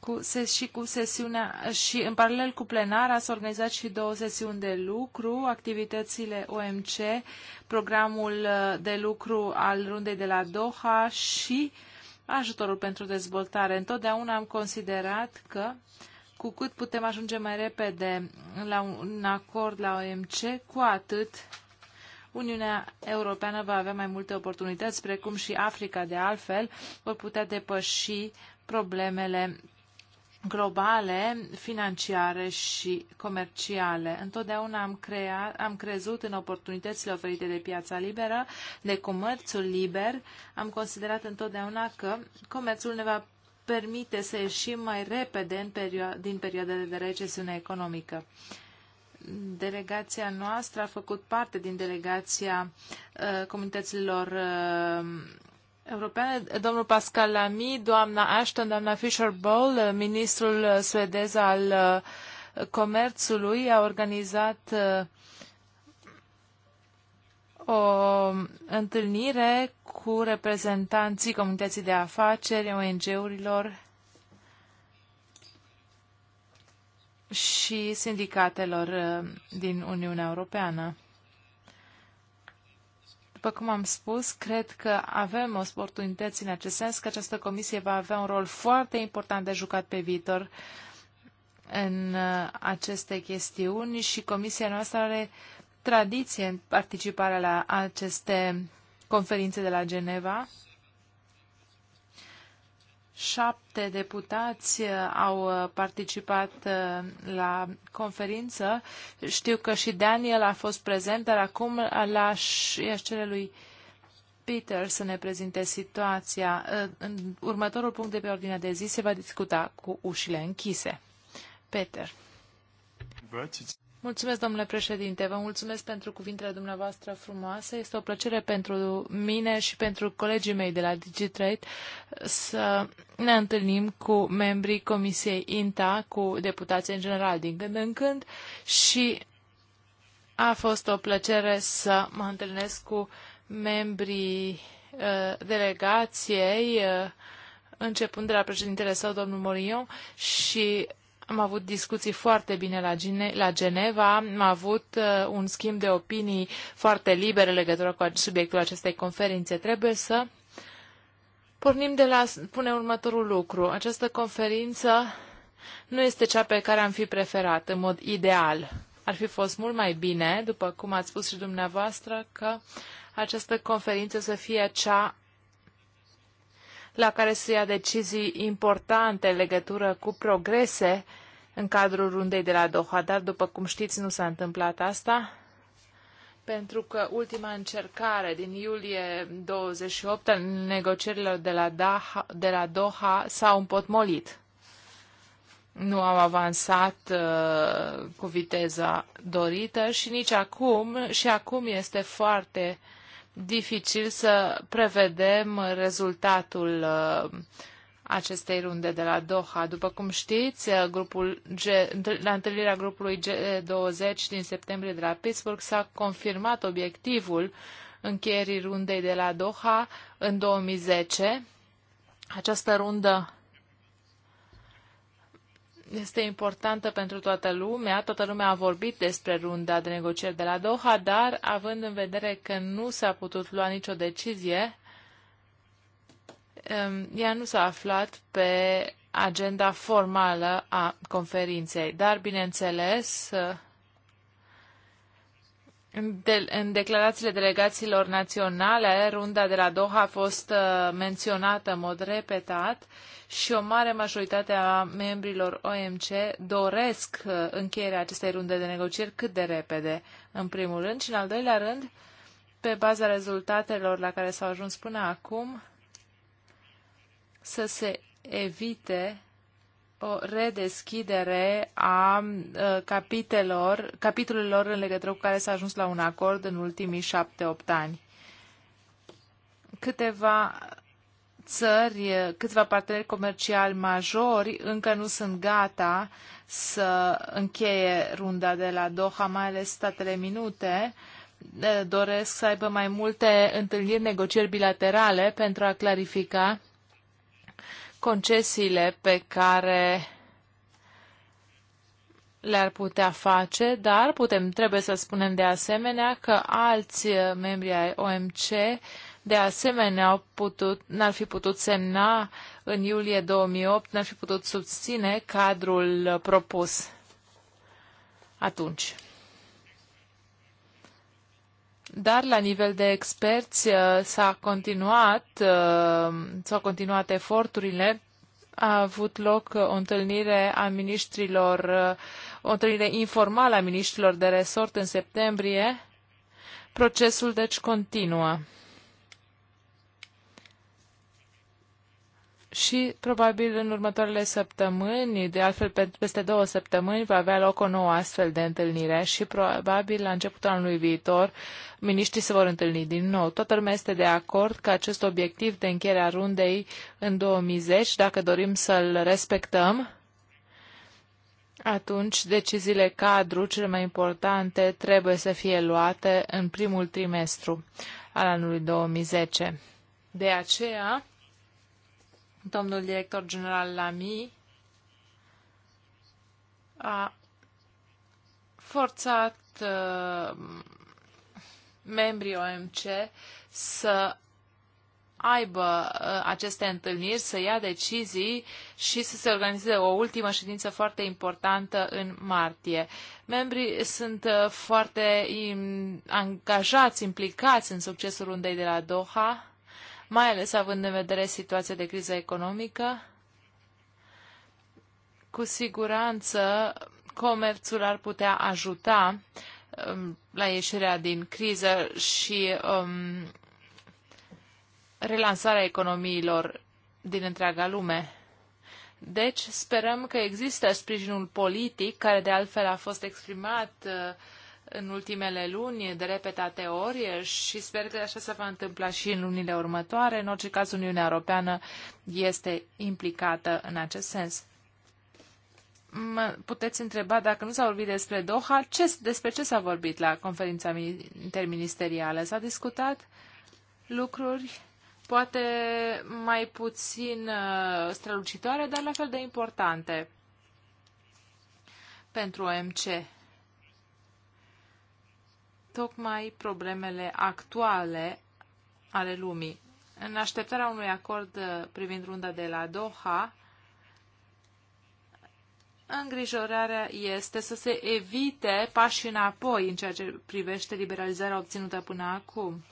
cu ses- și cu sesiunea și în paralel cu plenara s-au organizat și două sesiuni de lucru, activitățile OMC, programul uh, de lucru al rundei de la Doha și ajutorul pentru dezvoltare. Întotdeauna am considerat că cu cât putem ajunge mai repede la un acord la OMC, cu atât Uniunea Europeană va avea mai multe oportunități, precum și Africa, de altfel, vor putea depăși problemele globale, financiare și comerciale. Întotdeauna am, crea, am crezut în oportunitățile oferite de piața liberă, de comerțul liber. Am considerat întotdeauna că comerțul ne va permite să ieșim mai repede în perio- din perioadele de recesiune economică delegația noastră a făcut parte din delegația uh, comunităților uh, europene. Domnul Pascal Lamy, doamna Ashton, doamna Fisher Bowl, uh, ministrul suedez al comerțului, a organizat o întâlnire cu reprezentanții comunității de afaceri, ONG-urilor și sindicatelor uh, din Uniunea Europeană. După cum am spus, cred că avem o oportunități în acest sens, că această comisie va avea un rol foarte important de jucat pe viitor în uh, aceste chestiuni și comisia noastră are tradiție în participarea la aceste conferințe de la Geneva Șapte deputați uh, au uh, participat uh, la conferință. Știu că și Daniel a fost prezent, dar acum la cele lui Peter să ne prezinte situația. În următorul punct de pe ordinea de zi se va discuta cu ușile închise. Peter. Mulțumesc, domnule președinte. Vă mulțumesc pentru cuvintele dumneavoastră frumoase. Este o plăcere pentru mine și pentru colegii mei de la DigiTrade să ne întâlnim cu membrii Comisiei INTA, cu deputații în general din când în când și a fost o plăcere să mă întâlnesc cu membrii uh, delegației, uh, începând de la președintele său, domnul Morion, și am avut discuții foarte bine la, Gine- la Geneva, am avut uh, un schimb de opinii foarte liber în legătură cu subiectul acestei conferințe. Trebuie să pornim de la, pune următorul lucru. Această conferință nu este cea pe care am fi preferat în mod ideal. Ar fi fost mult mai bine, după cum ați spus și dumneavoastră, că această conferință să fie cea la care se ia decizii importante în legătură cu progrese în cadrul rundei de la Doha, dar după cum știți nu s-a întâmplat asta pentru că ultima încercare din iulie 28 al negocierilor de la, Daha, de la Doha s-au împotmolit. Nu am avansat uh, cu viteza dorită și nici acum, și acum este foarte dificil să prevedem rezultatul uh, acestei runde de la Doha. După cum știți, grupul G, la întâlnirea grupului G20 din septembrie de la Pittsburgh s-a confirmat obiectivul încheierii rundei de la Doha în 2010. Această rundă este importantă pentru toată lumea. Toată lumea a vorbit despre runda de negocieri de la Doha, dar având în vedere că nu s-a putut lua nicio decizie, ea nu s-a aflat pe agenda formală a conferinței, dar, bineînțeles, de, în declarațiile delegațiilor naționale, runda de la Doha a fost uh, menționată în mod repetat și o mare majoritate a membrilor OMC doresc uh, încheierea acestei runde de negocieri cât de repede, în primul rând, și în al doilea rând, pe baza rezultatelor la care s-au ajuns până acum, să se evite o redeschidere a ă, capitelor, capitolelor în legătură cu care s-a ajuns la un acord în ultimii șapte-opt ani. Câteva țări, câțiva parteneri comerciali majori încă nu sunt gata să încheie runda de la Doha, mai ales statele minute, ă, doresc să aibă mai multe întâlniri, negocieri bilaterale pentru a clarifica concesiile pe care le-ar putea face, dar putem, trebuie să spunem de asemenea că alți uh, membri ai OMC de asemenea au putut, n-ar fi putut semna în iulie 2008, n-ar fi putut susține cadrul uh, propus atunci. Dar la nivel de experți uh, s-a continuat, uh, s-au continuat eforturile. A avut loc o întâlnire a ministrilor, uh, o întâlnire informală a ministrilor de resort în septembrie. Procesul deci continuă. și probabil în următoarele săptămâni, de altfel peste două săptămâni, va avea loc o nouă astfel de întâlnire și probabil la începutul anului viitor miniștrii se vor întâlni din nou. Toată lumea este de acord că acest obiectiv de încheiere a rundei în 2010, dacă dorim să-l respectăm, atunci deciziile cadru cele mai importante trebuie să fie luate în primul trimestru al anului 2010. De aceea, Domnul director general Lamy a forțat uh, membrii OMC să aibă uh, aceste întâlniri, să ia decizii și să se organizeze o ultimă ședință foarte importantă în martie. Membrii sunt uh, foarte angajați, implicați în succesul undei de la Doha mai ales având în vedere situația de criză economică. Cu siguranță, comerțul ar putea ajuta um, la ieșirea din criză și um, relansarea economiilor din întreaga lume. Deci sperăm că există sprijinul politic, care de altfel a fost exprimat uh, în ultimele luni de repetate ori și sper că așa se va întâmpla și în lunile următoare. În orice caz, Uniunea Europeană este implicată în acest sens. Mă puteți întreba dacă nu s-a vorbit despre Doha, ce, despre ce s-a vorbit la conferința interministerială? S-a discutat lucruri poate mai puțin uh, strălucitoare, dar la fel de importante pentru OMC tocmai problemele actuale ale lumii. În așteptarea unui acord uh, privind runda de la Doha, îngrijorarea este să se evite pași înapoi în ceea ce privește liberalizarea obținută până acum.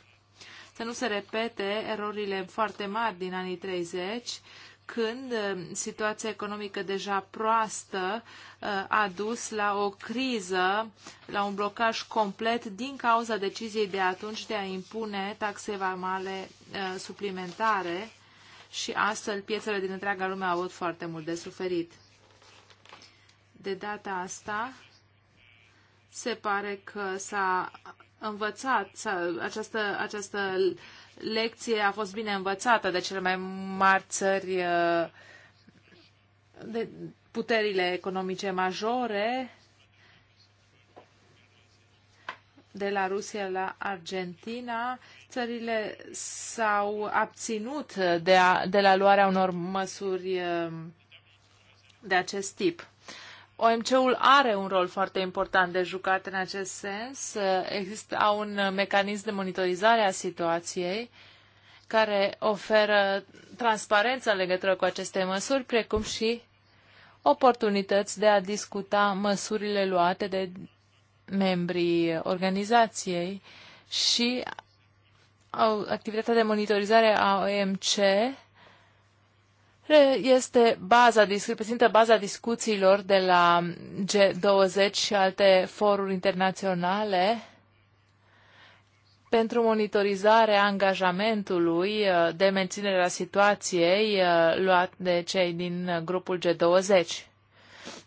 Să nu se repete erorile foarte mari din anii 30 când uh, situația economică deja proastă uh, a dus la o criză, la un blocaj complet din cauza deciziei de atunci de a impune taxe vamale uh, suplimentare și astfel piețele din întreaga lume au avut foarte mult de suferit. De data asta, se pare că s-a învățat, această, această lecție a fost bine învățată de cele mai mari țări, uh, de puterile economice majore, de la Rusia la Argentina, țările s-au abținut de, a, de la luarea unor măsuri uh, de acest tip. OMC-ul are un rol foarte important de jucat în acest sens. Există un mecanism de monitorizare a situației care oferă transparență în legătură cu aceste măsuri, precum și oportunități de a discuta măsurile luate de membrii organizației și activitatea de monitorizare a OMC este baza, reprezintă baza discuțiilor de la G20 și alte foruri internaționale pentru monitorizarea angajamentului uh, de menținere a situației uh, luat de cei din uh, grupul G20.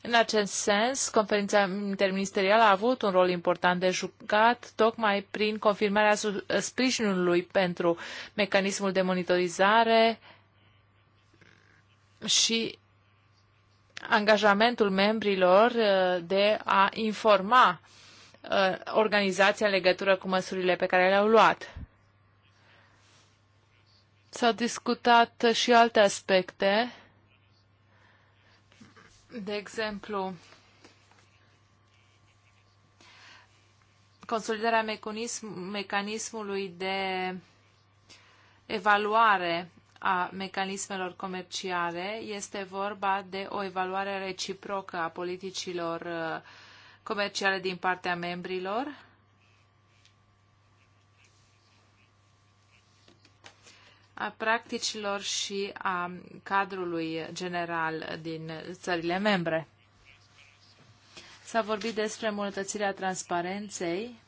În acest sens, conferința interministerială a avut un rol important de jucat, tocmai prin confirmarea sprijinului pentru mecanismul de monitorizare, și angajamentul membrilor uh, de a informa uh, organizația în legătură cu măsurile pe care le-au luat. S-au discutat și alte aspecte, de exemplu, consolidarea mecanism, mecanismului de evaluare a mecanismelor comerciale. Este vorba de o evaluare reciprocă a politicilor uh, comerciale din partea membrilor. a practicilor și a cadrului general din țările membre. S-a vorbit despre îmbunătățirea transparenței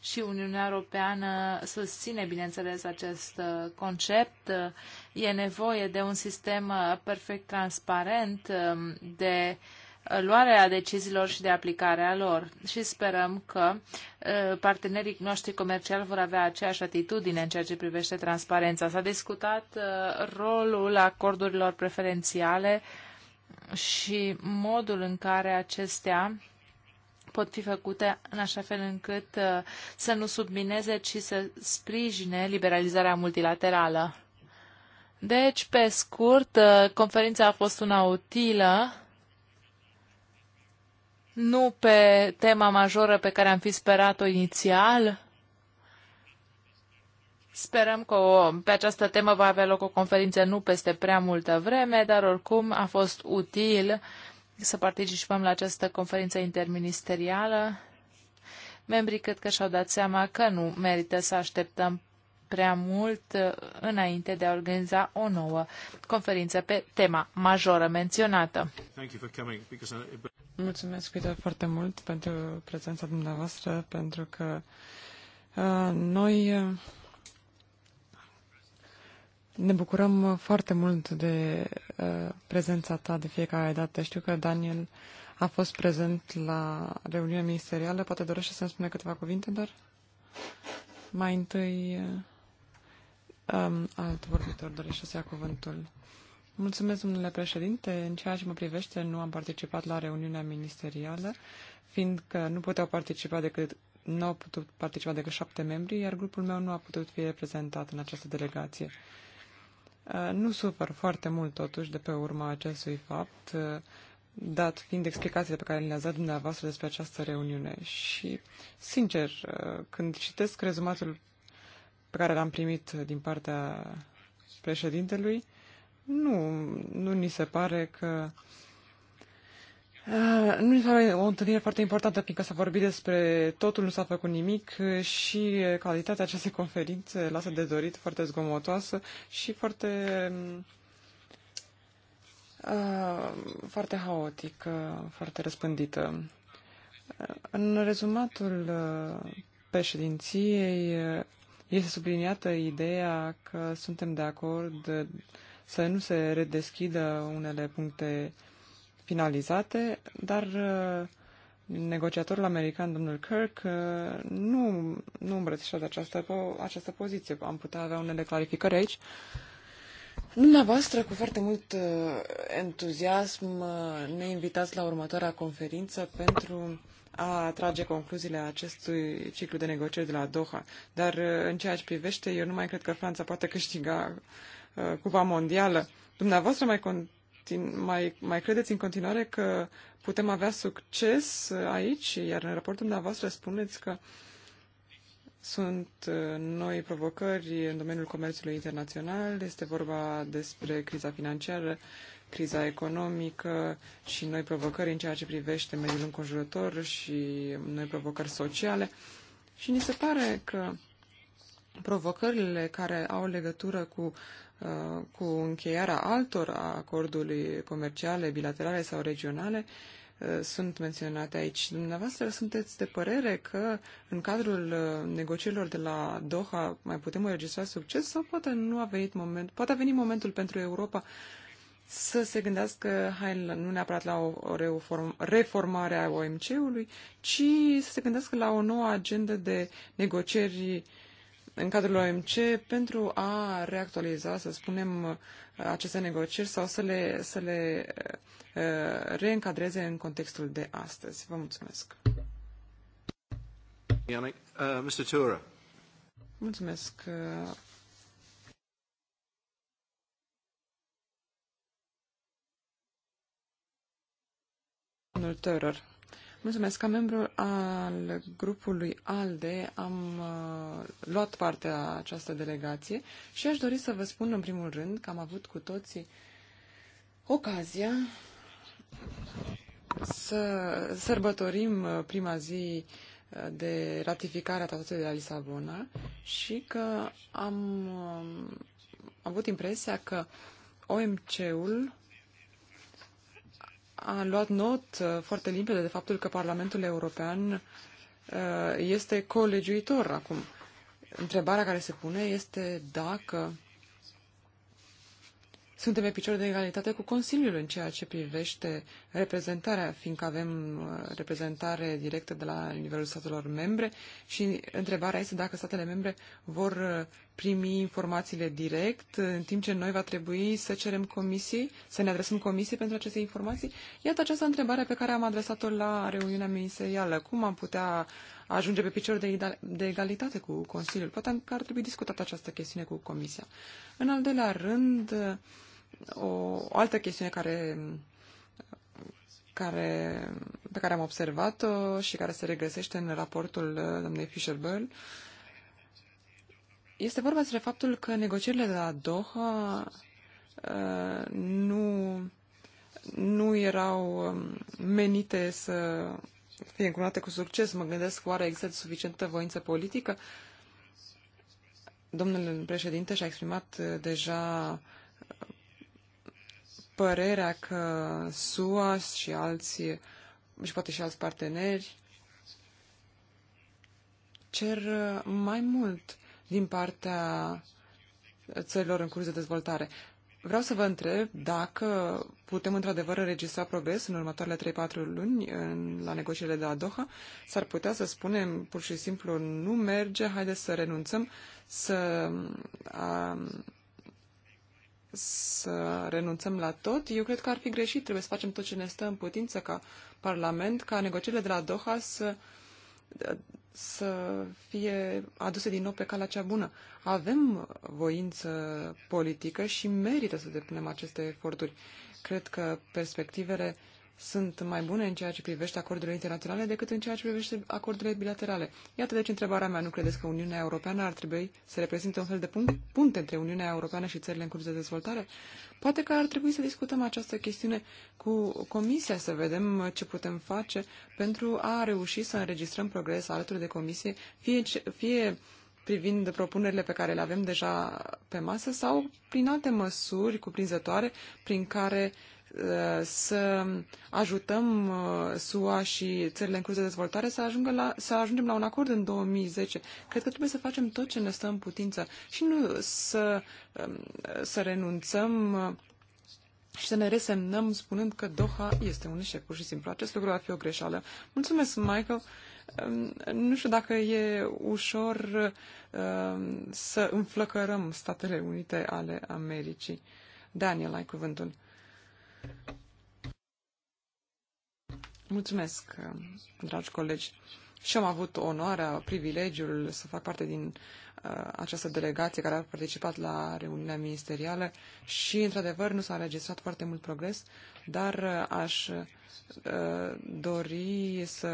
și Uniunea Europeană susține, bineînțeles, acest uh, concept. E nevoie de un sistem uh, perfect transparent um, de uh, luarea deciziilor și de aplicarea lor și sperăm că partenerii noștri comerciali vor avea aceeași atitudine în ceea ce privește transparența. S-a discutat rolul acordurilor preferențiale și modul în care acestea pot fi făcute în așa fel încât uh, să nu submineze, ci să sprijine liberalizarea multilaterală. Deci, pe scurt, uh, conferința a fost una utilă, nu pe tema majoră pe care am fi sperat-o inițial. Sperăm că o, pe această temă va avea loc o conferință nu peste prea multă vreme, dar oricum a fost util să participăm la această conferință interministerială. Membrii cred că și-au dat seama că nu merită să așteptăm prea mult uh, înainte de a organiza o nouă conferință pe tema majoră menționată. Uh, Mulțumesc, Peter, foarte mult pentru prezența dumneavoastră, pentru că uh, noi uh, ne bucurăm uh, foarte mult de uh, prezența ta de fiecare dată. Știu că Daniel a fost prezent la reuniunea ministerială. Poate dorește să-mi spune câteva cuvinte, dar mai întâi uh, um, alt vorbitor dorește să ia cuvântul. Mulțumesc, domnule președinte. În ceea ce mă privește, nu am participat la reuniunea ministerială, fiindcă nu puteau participa decât nu au putut participa decât șapte membri, iar grupul meu nu a putut fi reprezentat în această delegație. Uh, nu sufăr foarte mult, totuși, de pe urma acestui fapt, uh, dat fiind explicațiile pe care le-ați dat dumneavoastră despre această reuniune. Și, sincer, uh, când citesc rezumatul pe care l-am primit din partea președintelui, nu, nu ni se pare că uh, Ah, nu mi se pare o întâlnire foarte importantă, fiindcă s-a vorbit despre totul, nu s-a făcut nimic și calitatea acestei conferințe lasă de dorit, foarte zgomotoasă și foarte, uh, foarte haotică, foarte răspândită. În rezumatul ah, președinției este subliniată ideea că suntem de acord să nu se redeschidă unele puncte finalizate, dar uh, negociatorul american, domnul Kirk, uh, nu, nu îmbrățișează această, această poziție. Am putea avea unele clarificări aici. Dumneavoastră, cu foarte mult uh, entuziasm, ne invitați la următoarea conferință pentru a trage concluziile acestui ciclu de negocieri de la Doha. Dar în ceea ce privește, eu nu mai cred că Franța poate câștiga Cupa Mondială. Dumneavoastră mai, con- mai, mai credeți în continuare că putem avea succes aici? Iar în raportul dumneavoastră spuneți că sunt uh, noi provocări în domeniul comerțului internațional, este vorba despre criza financiară, criza economică și noi provocări în ceea ce privește mediul înconjurător și noi provocări sociale. Și ni se pare că provocările care au legătură cu Uh, cu încheiarea altor acorduri comerciale, bilaterale sau regionale, uh, sunt menționate aici. Dumneavoastră sunteți de părere că în cadrul uh, negocierilor de la Doha mai putem înregistra succes sau poate nu a venit moment, poate a venit momentul pentru Europa să se gândească, hai, nu neapărat la o reformare a OMC-ului, ci să se gândească la o nouă agendă de negocieri în cadrul OMC pentru a reactualiza, să spunem, aceste negocieri sau să le, să le uh, reîncadreze în contextul de astăzi. Vă mulțumesc. Ianic, uh, Mr. Tura. Mulțumesc. Mulțumesc. Ca membru al grupului ALDE am uh, luat parte la această delegație și aș dori să vă spun în primul rând că am avut cu toții ocazia să sărbătorim uh, prima zi uh, de ratificare a tratatului de la Lisabona și că am um, avut impresia că OMC-ul a luat not uh, foarte limpede de faptul că Parlamentul European uh, este colegiuitor acum. Întrebarea care se pune este dacă suntem pe picior de egalitate cu Consiliul în ceea ce privește reprezentarea, fiindcă avem uh, reprezentare directă de la nivelul statelor membre și întrebarea este dacă statele membre vor uh, primi informațiile direct, în timp ce noi va trebui să cerem comisii, să ne adresăm comisii pentru aceste informații. Iată această întrebare pe care am adresat-o la reuniunea ministerială. Cum am putea ajunge pe picior de, egalitate cu Consiliul? Poate că ar trebui discutată această chestiune cu Comisia. În al doilea rând, o altă chestiune care, care, pe care am observat-o și care se regăsește în raportul uh, domnului fisher Bell, este vorba despre faptul că negocierile de la Doha uh, nu, nu erau um, menite să fie încunate cu succes. Mă gândesc, oare există suficientă voință politică? Domnul președinte și-a exprimat uh, deja părerea că SUA și alți și poate și alți parteneri cer mai mult din partea țărilor în curs de dezvoltare. Vreau să vă întreb dacă putem într-adevăr înregistra progres în următoarele 3-4 luni în, la negocierile de la Doha. S-ar putea să spunem pur și simplu nu merge, haideți să renunțăm, să a, să renunțăm la tot, eu cred că ar fi greșit. Trebuie să facem tot ce ne stă în putință ca Parlament, ca negocierile de la Doha să, să fie aduse din nou pe calea cea bună. Avem voință politică și merită să depunem aceste eforturi. Cred că perspectivele uh, sunt mai bune în ceea ce privește acordurile internaționale decât în ceea ce privește acordurile bilaterale. Iată deci întrebarea mea. Nu credeți că Uniunea Europeană ar trebui să reprezinte un fel de punct, punct între Uniunea Europeană și țările în curs de dezvoltare? Poate că ar trebui să discutăm această chestiune cu Comisia, să vedem ce putem face pentru a reuși să înregistrăm progres alături de Comisie, fie, fie privind propunerile pe care le avem deja pe masă sau prin alte măsuri cuprinzătoare prin care uh, Uh, să ajutăm uh, SUA și țările în curs de dezvoltare să, ajungă la, să ajungem la un acord în 2010. Cred că trebuie să facem tot ce ne stă în putință și nu să, um, să renunțăm uh, și să ne resemnăm spunând că Doha este un eșec, pur și simplu. Acest lucru ar fi o greșeală. Mulțumesc, Michael. Um, nu știu dacă e ușor um, să înflăcărăm Statele Unite ale Americii. Daniel, ai cuvântul. Mulțumesc, dragi colegi. Și am avut onoarea, privilegiul să fac parte din uh, această delegație care a participat la reuniunea ministerială și, într-adevăr, nu s-a înregistrat foarte mult progres, dar uh, aș uh, dori să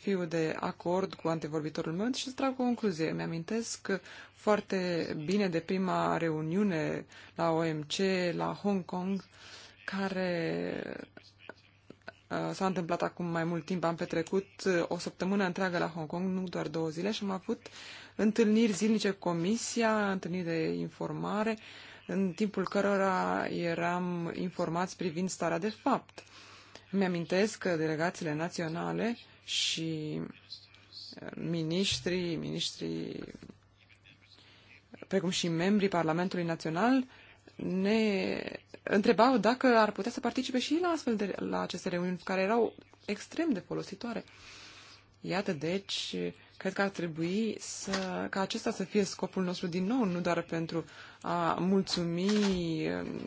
fiu de acord cu antevorbitorul meu și să trag o concluzie. Mi-amintesc foarte bine de prima reuniune la OMC, la Hong Kong, uh, care uh, s-a întâmplat acum mai mult timp. Am petrecut uh, o săptămână întreagă la Hong Kong, nu doar două zile, și am avut întâlniri zilnice cu comisia, întâlniri de informare, în timpul cărora eram informați privind starea de fapt. Mi-amintesc că delegațiile naționale și uh, miniștrii, miniștrii precum și membrii Parlamentului Național ne întrebau dacă ar putea să participe și la astfel de, la aceste reuniuni, care erau extrem de folositoare. Iată, deci, cred că ar trebui să, ca acesta să fie scopul nostru din nou, nu doar pentru a mulțumi,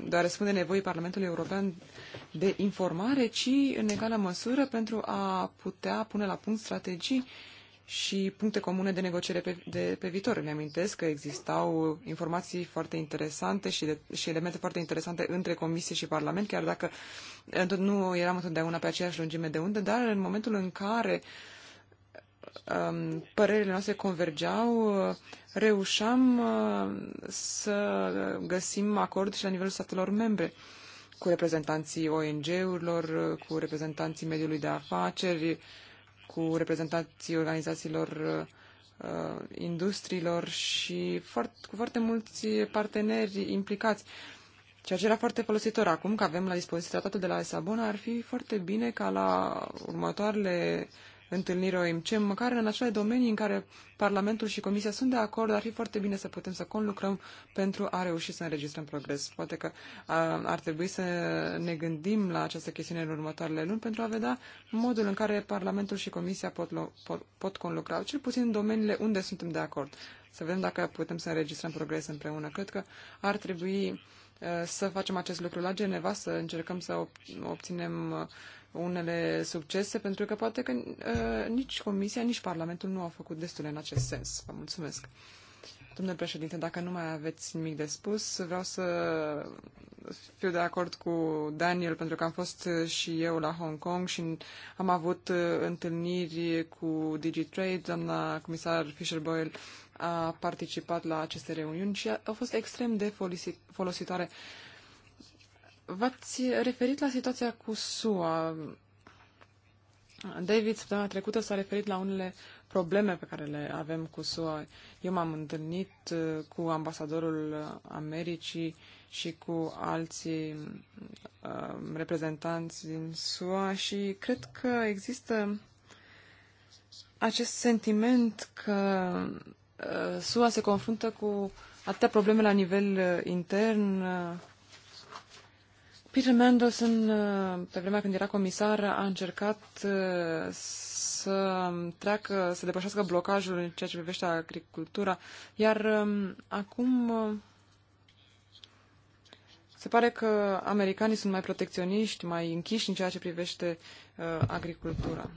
doar răspunde nevoii Parlamentului European de informare, ci în egală măsură pentru a putea pune la punct strategii uh, și puncte comune de negociere pe, de, pe viitor. Îmi amintesc că existau informații foarte interesante și, de, și elemente foarte interesante între Comisie și Parlament, chiar dacă eh, nu eram întotdeauna pe aceeași lungime de undă, dar în momentul în care um, părerile noastre convergeau, eh, reușeam uh, să găsim acord și la nivelul statelor membre cu reprezentanții ONG-urilor, cu reprezentanții mediului de afaceri, uh, cu reprezentanții organizațiilor uh, industriilor și foarte, cu foarte mulți parteneri implicați. Ceea ce era foarte folositor acum, că avem la dispoziție tratatul de la Lisabona, ar fi foarte bine ca la următoarele întâlnire OMC, măcar în acele domenii în care Parlamentul și Comisia sunt de acord, ar fi foarte bine să putem să conlucrăm pentru a reuși să înregistrăm progres. Poate că ar trebui să ne gândim la această chestiune în următoarele luni pentru a vedea modul în care Parlamentul și Comisia pot, pot, pot conlucra, cel puțin în domeniile unde suntem de acord. Să vedem dacă putem să înregistrăm progres împreună. Cred că ar trebui să facem acest lucru la Geneva, să încercăm să obținem unele succese, pentru că poate că uh, nici Comisia, nici Parlamentul nu au făcut destule în acest sens. Vă mulțumesc. Domnule președinte, dacă nu mai aveți nimic de spus, vreau să fiu de acord cu Daniel, pentru că am fost și eu la Hong Kong și am avut uh, întâlniri cu DigiTrade, doamna comisar Fisher-Boyle a participat la aceste reuniuni și au fost extrem de folositoare V-ați referit la situația cu SUA. David, săptămâna trecută, s-a referit la unele probleme pe care le avem cu SUA. Eu m-am întâlnit uh, cu ambasadorul Americii și cu alții uh, reprezentanți din SUA și cred că există acest sentiment că uh, SUA se confruntă cu atâtea probleme la nivel uh, intern, uh, Peter Mandelson, uh, pe vremea când era comisar, a încercat uh, să treacă, să depășească blocajul în ceea ce privește agricultura, iar um, acum uh, se pare că americanii sunt mai protecționiști, mai închiși în ceea ce privește agricultura.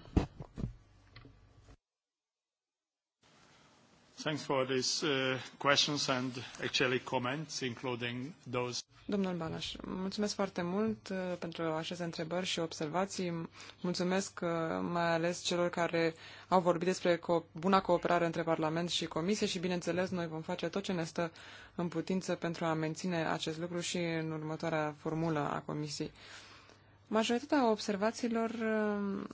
Thanks for these uh, questions and actually comments, including those. Domnul Balaș, mulțumesc foarte mult uh, pentru aceste întrebări și observații. Mulțumesc uh, mai ales celor care au vorbit despre co- buna cooperare între Parlament și Comisie și, bineînțeles, noi vom face tot ce ne stă în putință pentru a menține acest lucru și în următoarea formulă a Comisiei. Majoritatea observațiilor uh,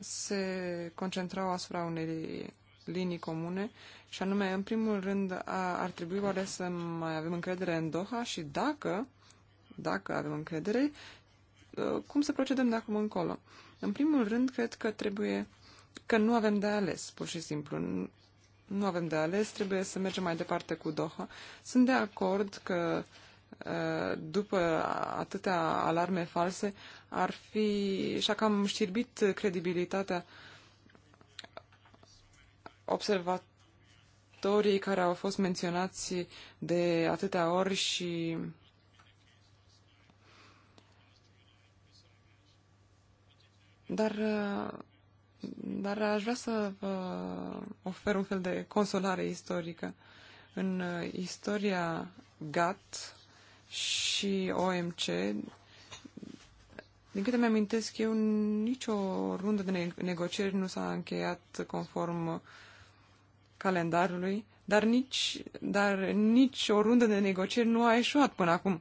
se concentrau asupra unei linii comune și anume, în primul rând, ar trebui oare să mai avem încredere în Doha și dacă, dacă avem încredere, ă, cum să procedăm de acum încolo? În primul rând, cred că trebuie că nu avem de ales, pur și simplu. Nu avem de ales, trebuie să mergem mai departe cu Doha. Sunt de acord că ă, după atâtea alarme false, ar fi și-a cam știrbit credibilitatea uh, observatorii care au fost menționați de atâtea ori și Dar, dar aș vrea să vă ofer un fel de consolare istorică. În istoria GATT și OMC, din câte mi-amintesc eu, nicio rundă de negocieri nu s-a încheiat conform calendarului, dar nici, dar nici o rundă de negocieri nu a ieșuat până acum,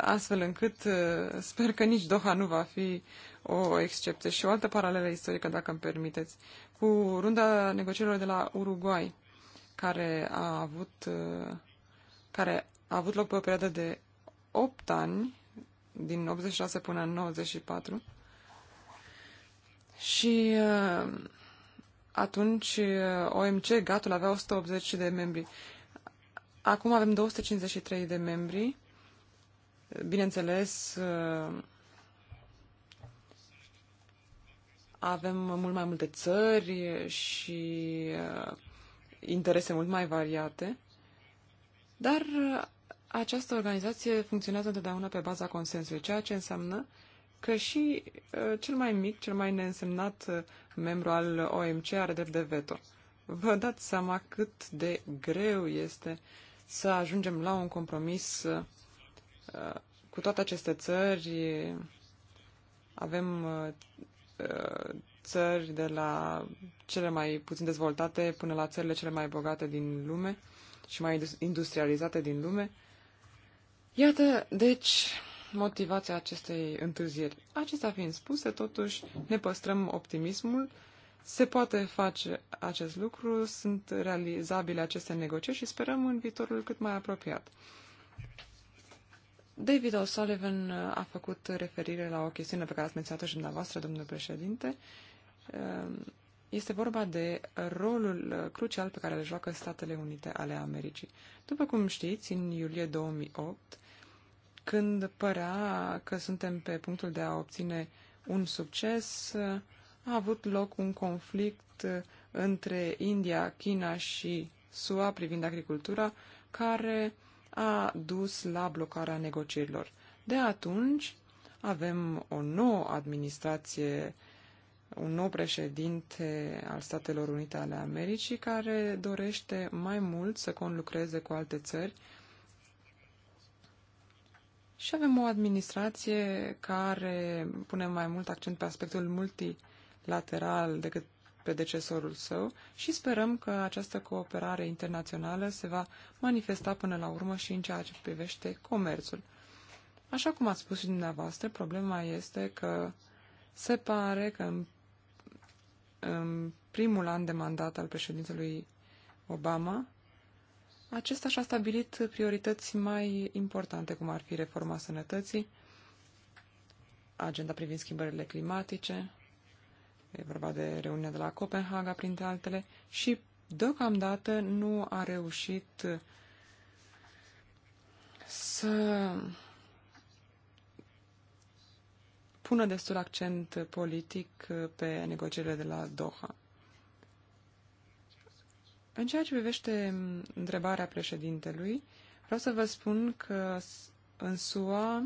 astfel încât uh, sper că nici Doha nu va fi o excepție. Și o altă paralelă istorică, dacă îmi permiteți, cu runda negocierilor de la Uruguay, care a avut, uh, care a avut loc pe o perioadă de 8 ani, din 86 până în 94, și uh, atunci uh, OMC, GATul avea 180 de membri. Acum avem 253 de membri. Bineînțeles, uh, avem mult mai multe țări și uh, interese mult mai variate, dar această organizație funcționează întotdeauna pe baza consensului, ceea ce înseamnă că și uh, cel mai mic, cel mai neînsemnat uh, membru al OMC are drept de veto. Vă dați seama cât de greu este să ajungem la un compromis uh, cu toate aceste țări. Avem țări de la cele mai puțin dezvoltate până la țările cele mai bogate din lume și mai industrializate din lume. Iată, deci, motivația acestei întârzieri. Acestea fiind spuse, totuși ne păstrăm optimismul. Se poate face acest lucru, sunt realizabile aceste negocieri și sperăm în viitorul cât mai apropiat. David O'Sullivan a făcut referire la o chestiune pe care ați menționat-o și dumneavoastră, domnule președinte. Ehm, este vorba de rolul crucial pe care îl joacă Statele Unite ale Americii. După cum știți, în iulie 2008, când părea că suntem pe punctul de a obține un succes, a avut loc un conflict între India, China și SUA privind agricultura, care a dus la blocarea negocierilor. De atunci avem o nouă administrație, un nou președinte al Statelor Unite ale Americii care dorește mai mult să conlucreze cu alte țări și avem o administrație care pune mai mult accent pe aspectul multilateral decât predecesorul său și sperăm că această cooperare internațională se va manifesta până la urmă și în ceea ce privește comerțul. Așa cum ați spus și dumneavoastră, problema este că se pare că în, în primul an de mandat al președintelui Obama, acesta și-a stabilit priorități mai importante, cum ar fi reforma sănătății, agenda privind schimbările climatice, e vorba de reuniunea de la Copenhaga, printre altele, și deocamdată nu a reușit să pună destul accent politic pe negocierile de la Doha. În ceea ce privește întrebarea președintelui, vreau să vă spun că în SUA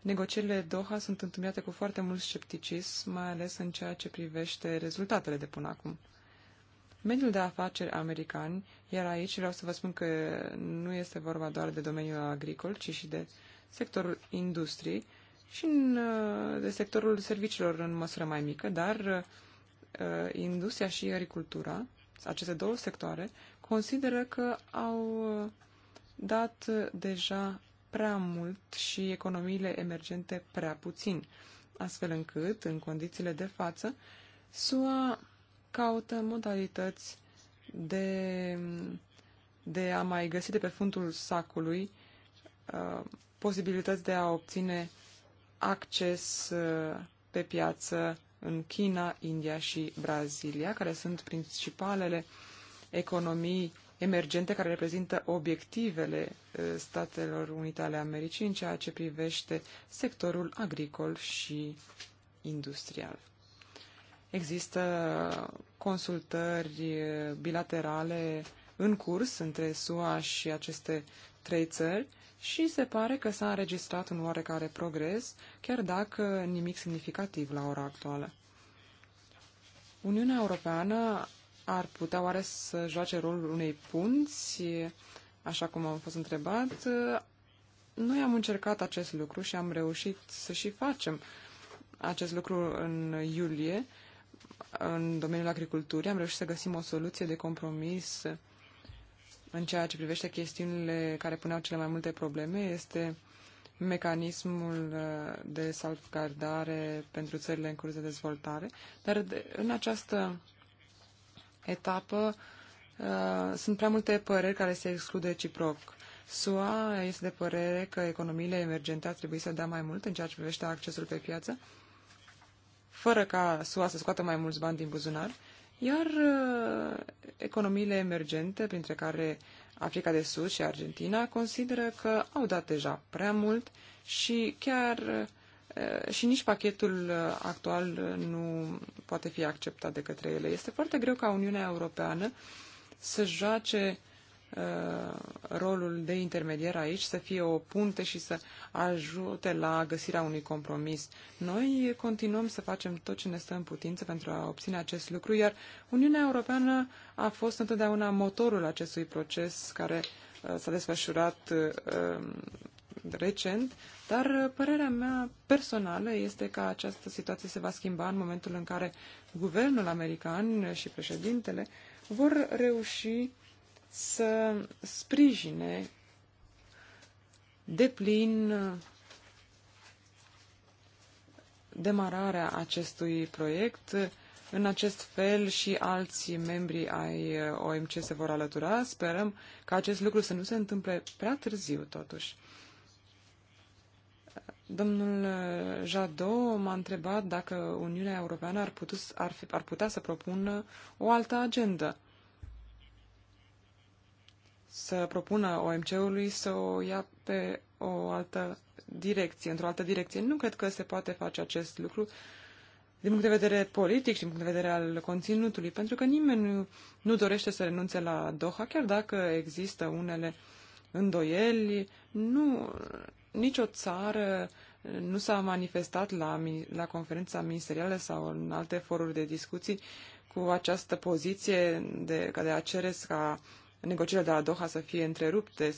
negocierile Doha sunt întâmplate cu foarte mult scepticism, mai ales în ceea ce privește rezultatele de până acum. Mediul de afaceri american, iar aici vreau să vă spun că nu este vorba doar de domeniul agricol, ci și de sectorul industriei și în, de sectorul serviciilor în măsură mai mică, dar uh, industria și agricultura aceste două sectoare consideră că au uh, dat deja prea mult și economiile emergente prea puțin, astfel încât, în condițiile de față, SUA caută modalități de, de a mai găsi de pe fundul sacului uh, posibilități de a obține acces uh, pe piață în China, India și Brazilia, care sunt principalele economii emergente care reprezintă obiectivele uh, Statelor Unite ale Americii în ceea ce privește sectorul agricol și industrial. Există consultări uh, bilaterale în curs între SUA și aceste trei țări și se pare că s-a înregistrat un oarecare progres, chiar dacă nimic semnificativ la ora actuală. Uniunea Europeană ar putea oare să joace rolul unei punți, așa cum am fost întrebat? Noi am încercat acest lucru și am reușit să și facem acest lucru în iulie, în domeniul agriculturii. Am reușit să găsim o soluție de compromis în ceea ce privește chestiunile care puneau cele mai multe probleme este mecanismul uh, de salvgardare pentru țările în curs de dezvoltare, dar de, în această etapă uh, sunt prea multe păreri care se exclud reciproc. SUA este de părere că economiile emergente ar trebui să dea mai mult în ceea ce privește accesul pe piață, fără ca SUA să scoată mai mulți bani din buzunar, iar uh, economiile emergente, printre care Africa de Sud și Argentina, consideră că au dat deja prea mult și chiar uh, și nici pachetul uh, actual nu poate fi acceptat de către ele. Este foarte greu ca Uniunea Europeană să joace Uh, rolul de intermediar aici să fie o punte și să ajute la găsirea unui compromis. Noi continuăm să facem tot ce ne stă în putință pentru a obține acest lucru, iar Uniunea Europeană a fost întotdeauna motorul acestui proces care uh, s-a desfășurat uh, um, recent, dar părerea mea personală este că această situație se va schimba în momentul în care guvernul american și președintele vor reuși să sprijine deplin demararea acestui proiect. În acest fel și alții membri ai OMC se vor alătura. Sperăm ca acest lucru să nu se întâmple prea târziu, totuși. Domnul Jadot m-a întrebat dacă Uniunea Europeană ar, putus, ar, fi, ar putea să propună o altă agendă să propună OMC-ului să o ia pe o altă direcție, într-o altă direcție. Nu cred că se poate face acest lucru din punct de vedere politic și din punct de vedere al conținutului, pentru că nimeni nu, nu dorește să renunțe la Doha, chiar dacă există unele îndoieli. Nu, nicio țară nu s-a manifestat la, la conferința ministerială sau în alte foruri de discuții cu această poziție de, de a cere ca negocierile de la Doha să fie întrerupte,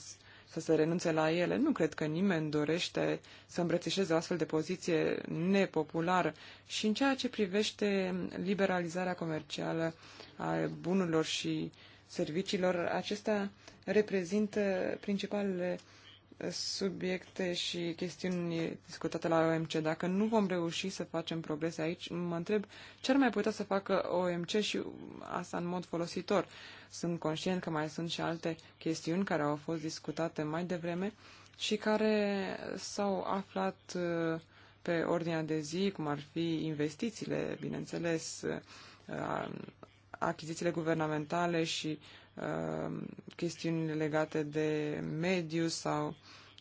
să se renunțe la ele. Nu cred că nimeni dorește să îmbrățișeze o astfel de poziție nepopulară. Și în ceea ce privește liberalizarea comercială a bunurilor și serviciilor, acestea reprezintă principalele uh, subiecte și chestiuni discutate la OMC. Dacă nu vom reuși să facem progrese aici, mă întreb ce ar mai putea să facă OMC și asta în mod folositor. Sunt conștient că mai sunt și alte chestiuni care au fost discutate mai devreme și care s-au aflat uh, pe ordinea de zi, cum ar fi investițiile, bineînțeles, uh, achizițiile guvernamentale și Uh, chestiunile legate de mediu sau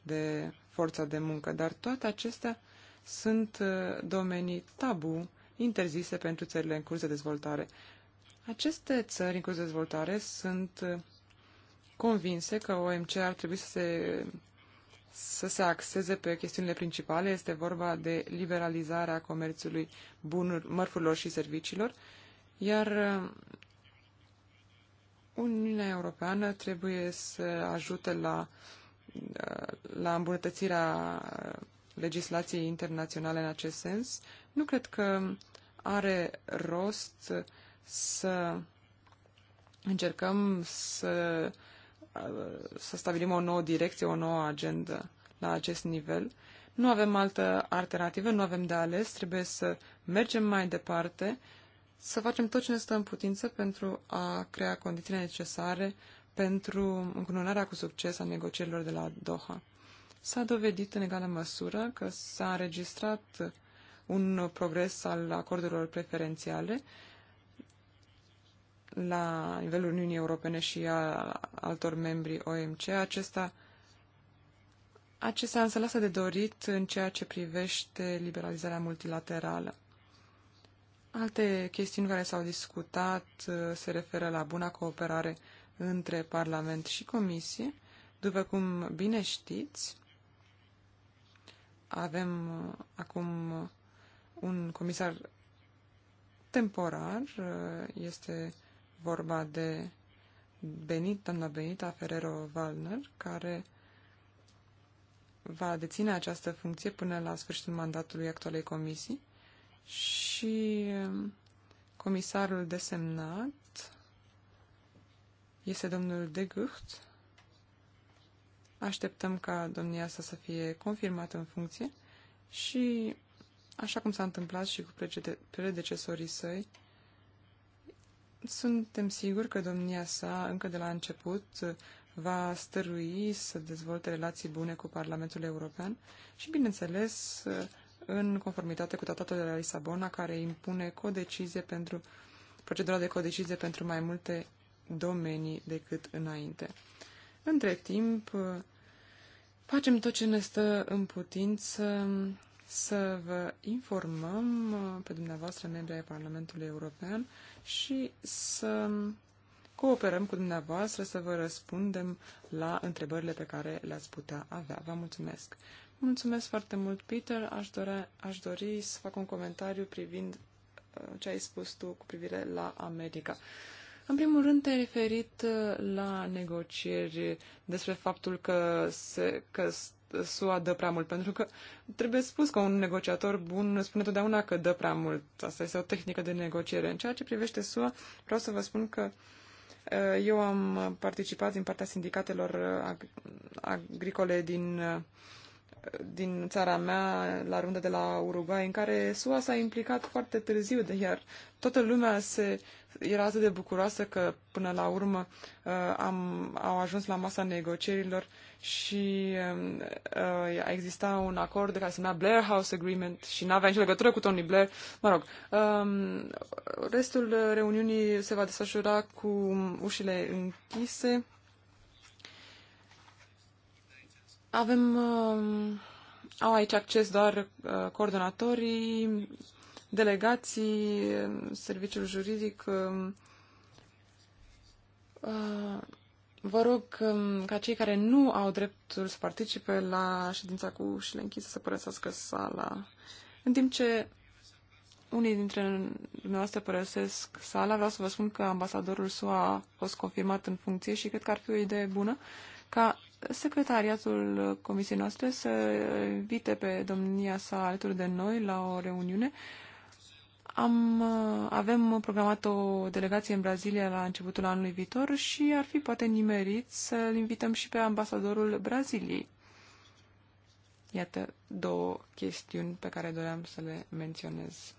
de forța de muncă, dar toate acestea sunt uh, domenii tabu interzise pentru țările în curs de dezvoltare. Aceste țări în curs de dezvoltare sunt uh, convinse că OMC ar trebui să se, să se axeze pe chestiunile principale. Este vorba de liberalizarea comerțului bunuri, mărfurilor și serviciilor, iar Uniunea Europeană trebuie să ajute la, la îmbunătățirea legislației internaționale în acest sens. Nu cred că are rost să încercăm să, să stabilim o nouă direcție, o nouă agendă la acest nivel. Nu avem altă alternativă, nu avem de ales, trebuie să mergem mai departe să facem tot ce ne stă în putință pentru a crea condițiile necesare pentru încununarea cu succes a negocierilor de la Doha. S-a dovedit în egală măsură că s-a înregistrat un progres al acordurilor preferențiale la nivelul Uniunii Europene și a altor membri OMC. Acesta, acesta însă lasă de dorit în ceea ce privește liberalizarea multilaterală. Alte chestiuni care s-au discutat uh, se referă la buna cooperare între Parlament și Comisie. După cum bine știți, avem uh, acum uh, un comisar temporar, este vorba de Benit, doamna Benita Ferrero-Valner, care va deține această funcție până la sfârșitul mandatului actualei comisii și um, comisarul desemnat este domnul de Gucht. Așteptăm ca domnia asta să fie confirmată în funcție și, așa cum s-a întâmplat și cu predecesorii săi, suntem siguri că domnia sa, încă de la început, va stărui să dezvolte relații bune cu Parlamentul European și, bineînțeles, în conformitate cu tratatul de la Lisabona, care impune codecizie pentru, procedura de codecizie pentru mai multe domenii decât înainte. Între timp, facem tot ce ne stă în putință să vă informăm pe dumneavoastră, membri ai Parlamentului European, și să cooperăm cu dumneavoastră să vă răspundem la întrebările pe care le-ați putea avea. Vă mulțumesc! Mulțumesc foarte mult, Peter. Aș, dorea, aș dori să fac un comentariu privind uh, ce ai spus tu cu privire la America. În primul rând te-ai referit uh, la negocieri despre faptul că, se, că SUA dă prea mult, pentru că trebuie spus că un negociator bun spune totdeauna că dă prea mult. Asta este o tehnică de negociere. În ceea ce privește SUA, vreau să vă spun că uh, eu am participat din partea sindicatelor agricole din din țara mea, la rândă de la Uruguay, în care SUA s-a implicat foarte târziu, de iar toată lumea se, era atât de bucuroasă că până la urmă uh, am, au ajuns la masa negocierilor și um, uh, exista un acord care se numea Blair House Agreement și nu avea nicio legătură cu Tony Blair. Mă rog, um, restul reuniunii se va desfășura cu ușile închise. Avem, um, au aici acces doar uh, coordonatorii, delegații, serviciul juridic. Um, uh, vă rog um, ca cei care nu au dreptul să participe la ședința cu ușile închise să părăsească sala. În timp ce unii dintre dumneavoastră părăsesc sala, vreau să vă spun că ambasadorul SUA a fost confirmat în funcție și cred că ar fi o idee bună ca secretariatul comisiei noastre să invite pe domnia sa alături de noi la o reuniune. Am, avem programat o delegație în Brazilia la începutul anului viitor și ar fi poate nimerit să-l invităm și pe ambasadorul Braziliei. Iată două chestiuni pe care doream să le menționez.